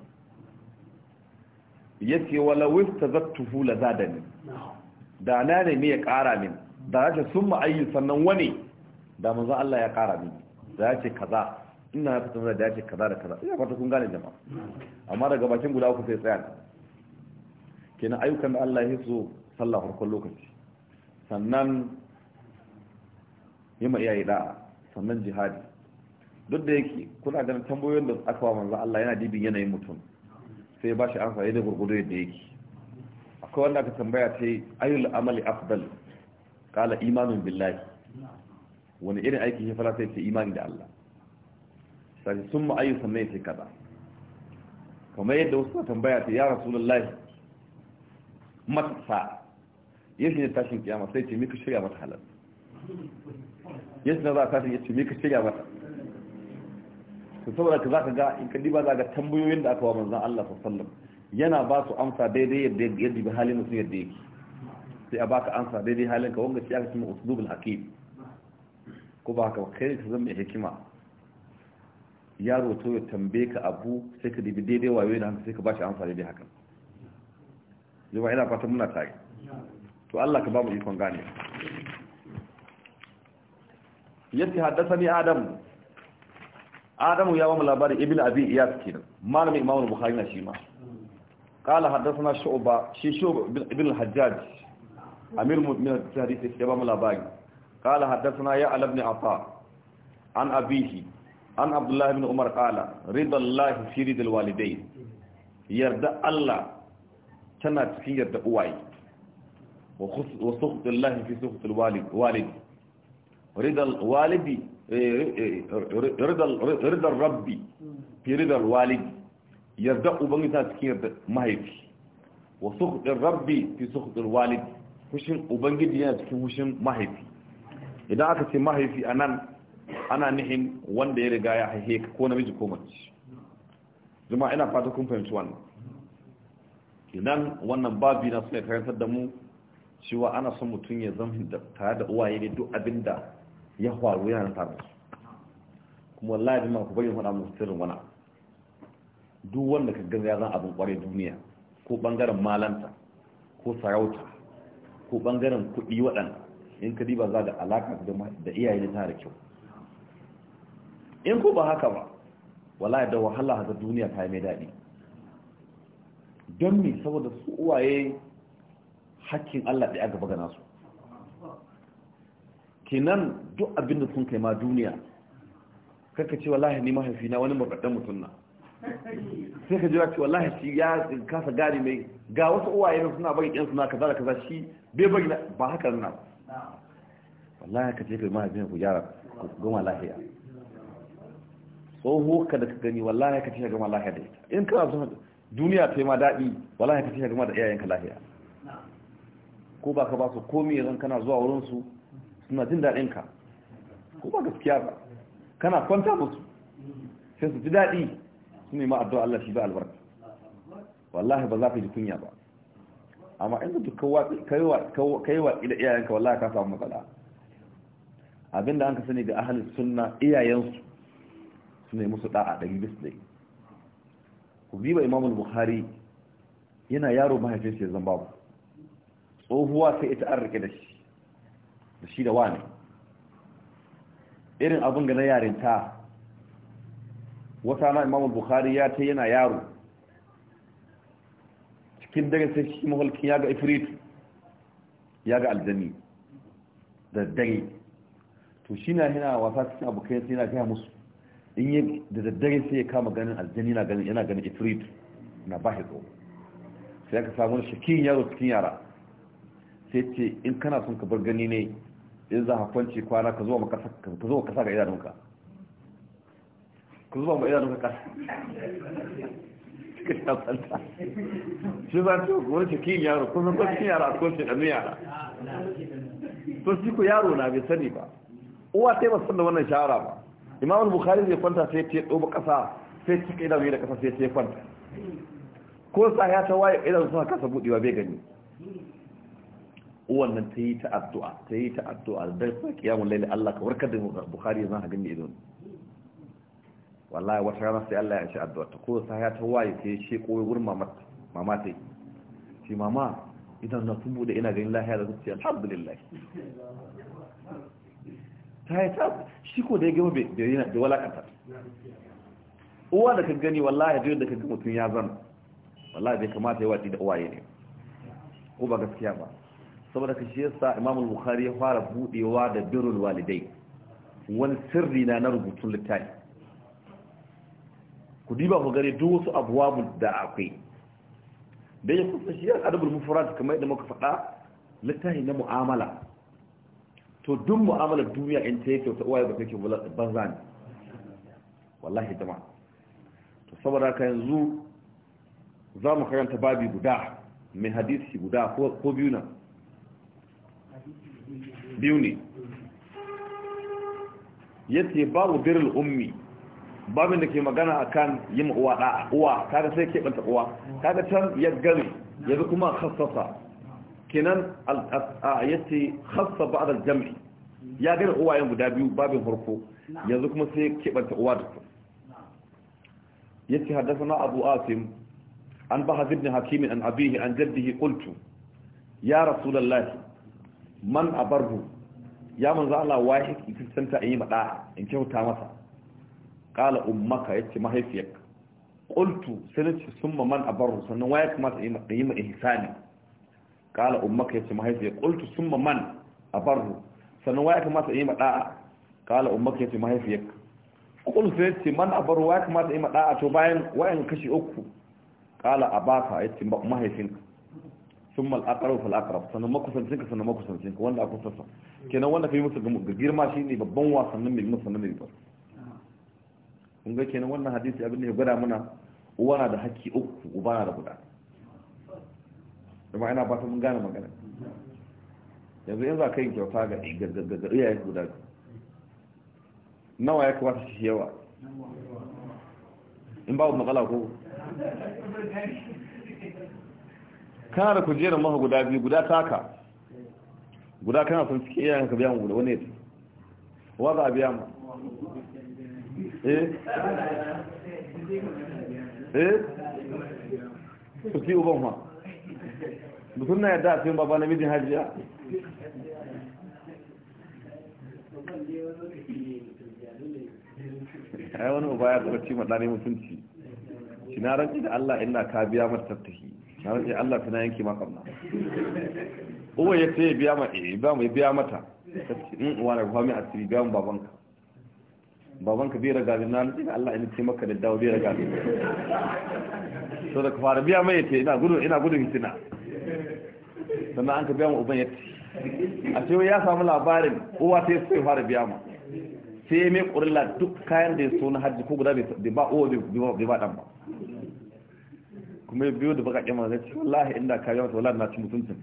yace wala wista zattuhu la zadani da ni da na ne me ya ƙara min da ya ce sun ma'ayyi sannan wani da manzo Allah ya ƙara min da ya ce kaza ina ya fitar da ya ce kaza da kaza ya fata kun gane jama'a amma daga bakin guda uku sai tsaya kenan ayyukan da Allah ya so sallah farkon lokaci sannan yi ma iyaye da'a sannan jihadi duk da yake kuna ganin tambayoyin da aka wa manzo Allah yana dibin yanayin mutum sai ya bashi amsa da gurgudu yadda yake akwai wanda aka tambaya ta ayyul amali afdal kala imanun billahi wani irin aiki ya fara sai ce imani da Allah sai sun ma ayyukan ne sai kaza kamar yadda wasu tambaya ta ya rasulullahi matsa yake ne tashin kiyama sai ce mika shirya mata halal yadda za a kasa ya me ka shirya mata to saboda ka za ka ga in kadi ba za ga tambayoyin da aka wa manzan Allah sallallahu yana ba su amsa daidai yadda ya bi halin mutum yadda yake sai a baka amsa daidai halin ka wanga shi aka cimma uslubul hakim ko ba ka kai ka zama hikima yaro to ya tambaye ka abu sai ka dibi daidai wayo da sai ka ba shi amsa daidai hakan yau ina fatan muna tare to Allah ka ba mu ikon gane يتي حدثني ادم ادم يوم لبار ابن ابي اياس كده ما لم امام البخاري نشيما قال حدثنا شعبه شي شعبه ابن الحجاج امير المؤمنين التاريخ في امام الاباغي قال حدثنا يا ابن عطاء عن ابيه عن عبد الله بن عمر قال رضا الله في رضا الوالدين يرضى الله تنا في يرضى اواي وخص وسخط الله في سخط الوالد والدي ridal walidi eh, eh, eh, ridal rabbi fi ridal walidi yarda ubangiji ta cikin yadda mahaifi wa sukhdir rabbi fi sukhdir walidi hushin ubangiji yana cikin hushin mahaifi idan aka ce mahaifi a nan ana nihin wanda ya riga ya haihe ko namiji ko mace jama'a ina fata kun fahimci wannan idan wannan babi na suna karantar da mu cewa ana son mutum ya zama tare da uwaye ne duk abin da ya faru yana da su kuma wallahi bi ma ku bayyana faɗa musu sirrin wani abu duk wanda ka gaza ya zan abin kware duniya ko bangaren malanta ko sarauta ko bangaren kuɗi waɗanda in ka diba za da alaka da iyaye ta da kyau in ko ba haka ba wallahi da wahala haka duniya ta yi mai daɗi don mi saboda su uwaye hakkin Allah da ya gaba gana su kenan duk abin da sun kai ma duniya kaka ce wallahi ni mahaifina wani mabaddan mutum na sai ka jira ce wallahi shi ya kasa gane mai ga wasu uwaye na suna bari ɗansu na kaza da kaza shi bai bari na ba haka na wallahi ka ce kai mahaifina ku gyara ku gama lahiya tsoho ka da ka gani wallahi ka ce ka gama lahiya da ita in kana son duniya ta yi ma daɗi wallahi ka ce ka gama da iyayenka lahiya ko ba ka ba su komi yanzu kana zuwa wurinsu suna jin daɗin ka ko ba gaskiya ba kana kwanta musu sai su ji daɗi su nema addu'a Allah shi ba albarka wallahi ba za ka ji kunya ba amma inda duk kai watsi da iyayenka wallahi ka samu matsala abinda an ka sani ga ahalin sunna iyayensu su ne musu da'a ɗari bis ɗai ku bi ba imamul Buhari yana yaro mahaifinsa ya zan babu tsohuwa sai ita an rike da shi da shi da wane irin abin ga na yarinta wata na imamu bukhari ya ta yana yaro cikin dare sai shi mahulkin ya ga ifrit ya ga aljani da dare to shi na yana wasa cikin abokai sai yana gaya musu in yi da daddare sai ya kama ganin aljani yana ganin ifrit na ba shi sai aka samu shakin yaro cikin yara sai ce in kana sun ka bar gani ne in za kwanci kwana ka zuwa kasa ga idanunka ka zuwa ma idanunka kasa ka shi za ce wani cikin yaro kuma kwancin yara a kwancin ɗanu yara to shi ku yaro na bai sani ba uwa ta yi ba san da wannan shahara ba imamul bukhari zai kwanta sai ta ɗoba ƙasa sai cika idanu da ƙasa sai ta kwanta ko sa ya ta waye idan suna kasa buɗewa bai gani uwannan ta yi ta addu'a ta yi ta addu'a da kuma kiyamun laili Allah ka warkar da Bukhari zan ha gani idon wallahi wata rana sai Allah ya ci addu'a ta ko sai ya ta waye yi she koyi wurin mama mama tai shi mama idan na sun da ina ganin lahiya da zuciya alhamdulillah ta yi ta shi ko da ya gama bai yana da walakanta uwa da ka gani wallahi da da ka ga mutum ya zan wallahi bai kamata ya wati da uwaye ne ko ba gaskiya ba saboda ka shi yasa imam bukhari ya fara budewa da birul walidai wani sirri na na rubutun littafi ku diba ku gare duk wasu abuwa da akwai da ya kusa shi yasa adabul mufrad kamar yadda muka faɗa littafi na mu'amala to duk mu'amalar duniya in ta yake wata uwaye ba take banza ne wallahi dama to saboda ka yanzu za mu karanta babi guda mai hadisi guda ko biyu nan biyu ne yace babu birrul ummi babin da ke magana a kan yin uwa da ta kaga sai keɓanta uwa. Ta da can ya gari yanzu kuma khassasa kenan yace khassa ba'd da jami ya gari yin guda biyu babin ya yanzu kuma sai keɓanta uwa da haddasa na abu asim an bahad ibn Hakimin an abihi an jaddihi Kultu. ya lallahi. man a abarhu ya manzo Allah wahi ikintanta ayi mada in kyauta masa qala ummaka yace mahaifiyarka qultu sanati summa man abarhu sannan waya kamata ta yi ma ihsani qala ummaka yace mahaifiyarka qultu summa man abarhu sannan waya kamata ta yi ma qala ummaka yace mahaifiyarka qul sanati man abarhu waya kamata ta yi ma to bayan wayan kashi uku qala abaka yace mahaifinka sun mal'akarar fal'akarar sannan makusancin ka sannan makusancin ka wanda a kusasa kenan wanda ka yi musu ga girma shi ne babban wasannin mai musannin mai bar kun ga kenan wannan hadisi abin da ya gwada mana uwa na da haƙƙi uku uba na da guda kuma ina ba ta mun gane magana yanzu yanzu ka yi kyauta ga ga yi guda nawa ya kamata shi yawa in ba babu matsala ko kana da kujerar maha guda biyu guda taka guda kana sun suke iyayen ka biya mu guda wani wa za a biya mu eh eh su uban ma da suna yadda a cikin baba namijin hajiya ai wani ba ya zaba ci maɗa mutunci shi na ranci da allah ina ka biya mata tattahi na rike Allah tana yanki ma kamna uwa ya ce biya ma eh ba mu biya mata tace in mm, uwa na fami asiri biya mu babanka babanka bai raga da nan ina Allah in ce maka da dawo bai raga so da fara biya mai ce ina gudun ina gudun hitina sannan an ka biya mu uban ce a ce ya samu labarin uwa ta sai fara biya ma sai mai kurilla duk kayan da ya so na hajji ko guda bai ba uwa bai ba dan ba kuma biyu da bakaƙe mana zai ce wallahi inda ka yawa wallahi na ci mutuntun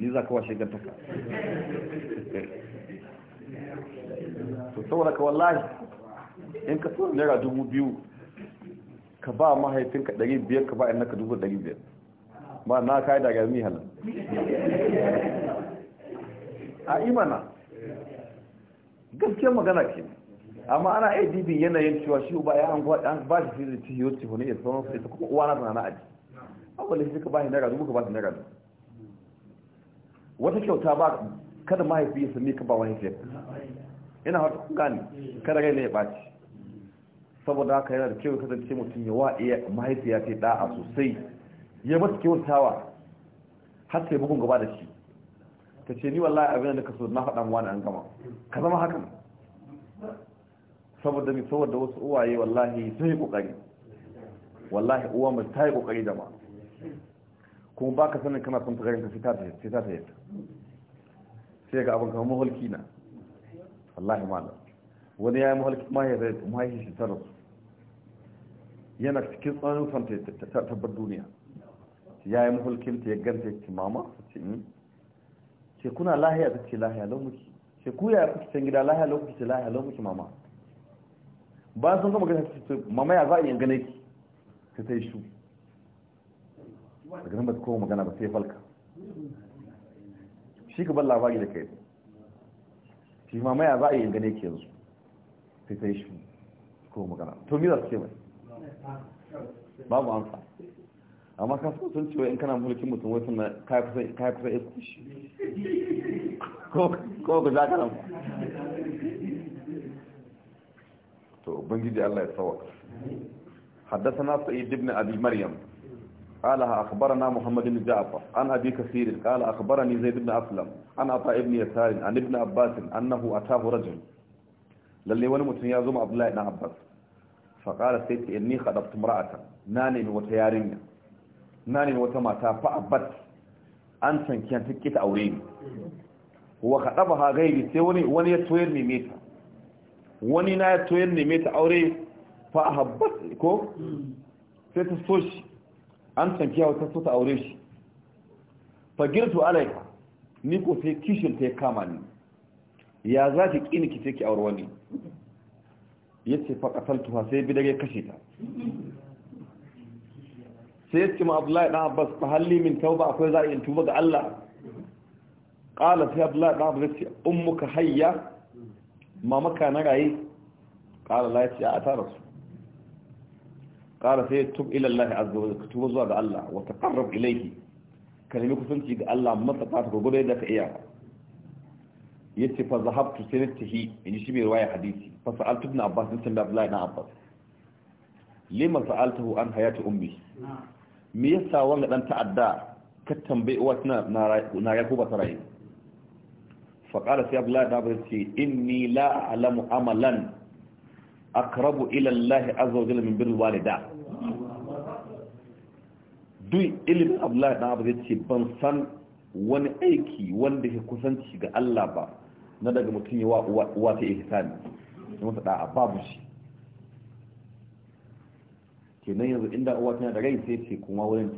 ni za ka washe gantaka to saboda ka wallahi in ka tsoron naira dubu biyu ka ba mahaifinka ɗari biyar ka ba in naka dubu ɗari biyar ba na kayi da gami halin a imana gaskiyar magana ke amma ana iya dibi yanayin cewa shi uba ya an ba shi da tiyo ciho ne ya sauran su ita kuma uwana zana na aji abuwa shi ka ba shi naira dubu ka ba shi naira wata kyauta ba kada mahaifi ya sami ka ba mahaifiyar ina hata kuka ne kada rai ne ya ɓaci saboda haka yana da kyau kasance mutum ya wa iya ya ce da'a sosai ya mata kyautawa har sai bugun gaba da shi ta ce ni wallahi abin da ka so na faɗa wani an gama ka zama hakan saboda mai saboda wasu uwaye wallahi sai yi kokari wallahi uwa mai ta yi kokari da ma kuma ba ka sanin kana son ta garin ka sai ta yadda sai ga abin kamar maholki na wallahi malam wani ya yi ma mahaifin shi ta rasu yana cikin tsanin son ta tabbar duniya ya yi maholkin ta ya ganta ya ce mama ce hmm. ce kuna lahiya ta ce lahiya lokaci muke ce ku ya kuke can gida lahiya lokaci kuke lahiya lokaci mama bayan sun gama gani ta ce mamaya za a yi gane ki sai ta yi shu daga nan ba ta kowa magana ba sai falka shi ka ban labari da kai shi mamaya za a yi gane ki yanzu sai ta yi shu kowa magana to mi za su ce mai babu amsa amma ka so sun cewa in kana mulkin mutum wasu na kayan ya iska ko ku za ka nan ba بنجدي الله ya حدثنا سعيد بن أبي مريم قال أخبرنا محمد بن جعفر عن أبي كثير قال أخبرني زيد بن أسلم عن عطاء بن يسار عن ابن عباس أنه أتاه رجل للي ولمتن يازم عبد الله بن عباس فقال سيد إني خدبت امرأة ناني وتيارين ناني وتماتا فأبت أنت كنت كت أوريني وخطبها غيري سيوني وني يتوير ميتا wani na ya toyar neme ta aure fa a habbat ko sai ta so shi an tankiya ta so ta aure shi fa girtu alaika ni ko sai kishin ta ya kama ni ya za ki kini ki sai ki aure wani ya ce fa kasaltuwa sai bidage kashe ta sai ya ce ma abdullahi ɗan abbas ba halli min tauba akwai za a yi tuba ga allah ƙala sai abdullahi ɗan abbas ya ce ummuka hayya mamaka na raye ƙara la a tara su ƙara sai tub ilallahi azza wa ka tuba zuwa ga Allah wa taqarrab ilayhi ka nemi kusanci ga Allah masa fata ko gudu da ka iya yace fa zahabtu sanatihi in ji shi bai riwaya hadisi fa sa'altu ibn abbas din sanda abdullahi na abbas lima sa'altahu an hayati ummi me yasa wanga dan ta'adda ka tambaye uwa na na ya ko ba ta rayu faƙara sai abdullahi da abu ce inni la alamu amalan akrabu ila Allah azza wa jalla min bil walida duk ilimin abdullahi da abu ce ban san wani aiki wanda ke kusanci ga Allah ba na daga mutum ya wa ta ihsani ya masa da'a babu shi kenan yanzu inda uwa tana da rai sai ce kuma wurin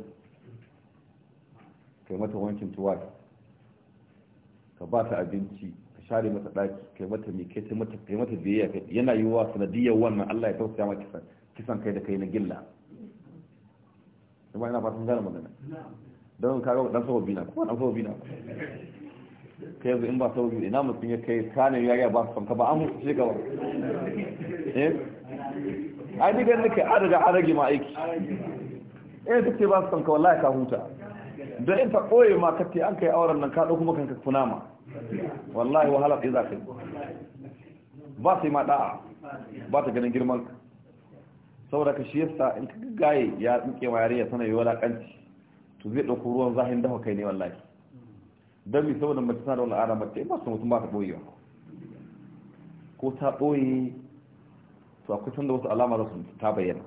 kai mata wankin tuwafi ka ba ta abinci ka share mata daki kai mata me kai mata kai mata biyayya yana yiwuwa sanadiyar wannan Allah ya tausaya maka kisan kisan kai da kai na gilla kuma ina fatan gane magana don ka ga dan sabobi na kuma dan sabobi na kai yanzu in ba sabobi ina mutum ya kai kane ya ga ba san ka ba an shi gaba eh ai diga nake an riga an rage ma aiki eh duk ba san ka wallahi ka huta don in ta koye ma ka ce an kai auren nan ka ɗauku maka ka kuna ma wallahi wahala ɗaya za ka yi ba sai ma ɗa'a ba ta ganin girman ka saboda ka shi sa in ka gaye ya tsinke ma yare ya sana yi walaƙanci to zai ɗauko ruwan zahin dafa kai ne wallahi don mi saboda mace tana da wani ara mace ba su mutum ba ta ɓoye ba ko ta ɓoye to akwai sanda wasu alama za su ta bayyana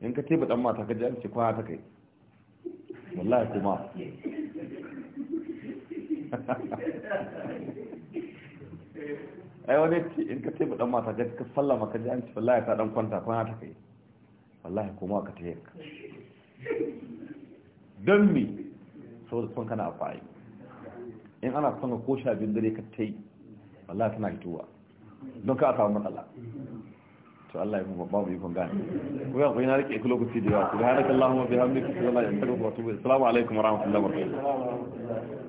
in ka ce ba ɗan mata ka ji an ce kwana ta kai wallahi kuma ai wani ce in ka ce dan mata ga ka sallama ka ji an ce wallahi ta dan kwanta kwana ta kai wallahi kuma ka ta yanka don me saboda son kana afayi in ana son ka ko sha biyu dare ka ta yi wallahi tana hituwa don ka a samu matsala to Allah ya mu babu ikon gane ku ga kuina rike ku lokaci da yawa subhanakallahumma bihamdika wa la ilaha illa anta astaghfiruka wa atubu ilaik assalamu alaikum wa rahmatullahi wa barakatuh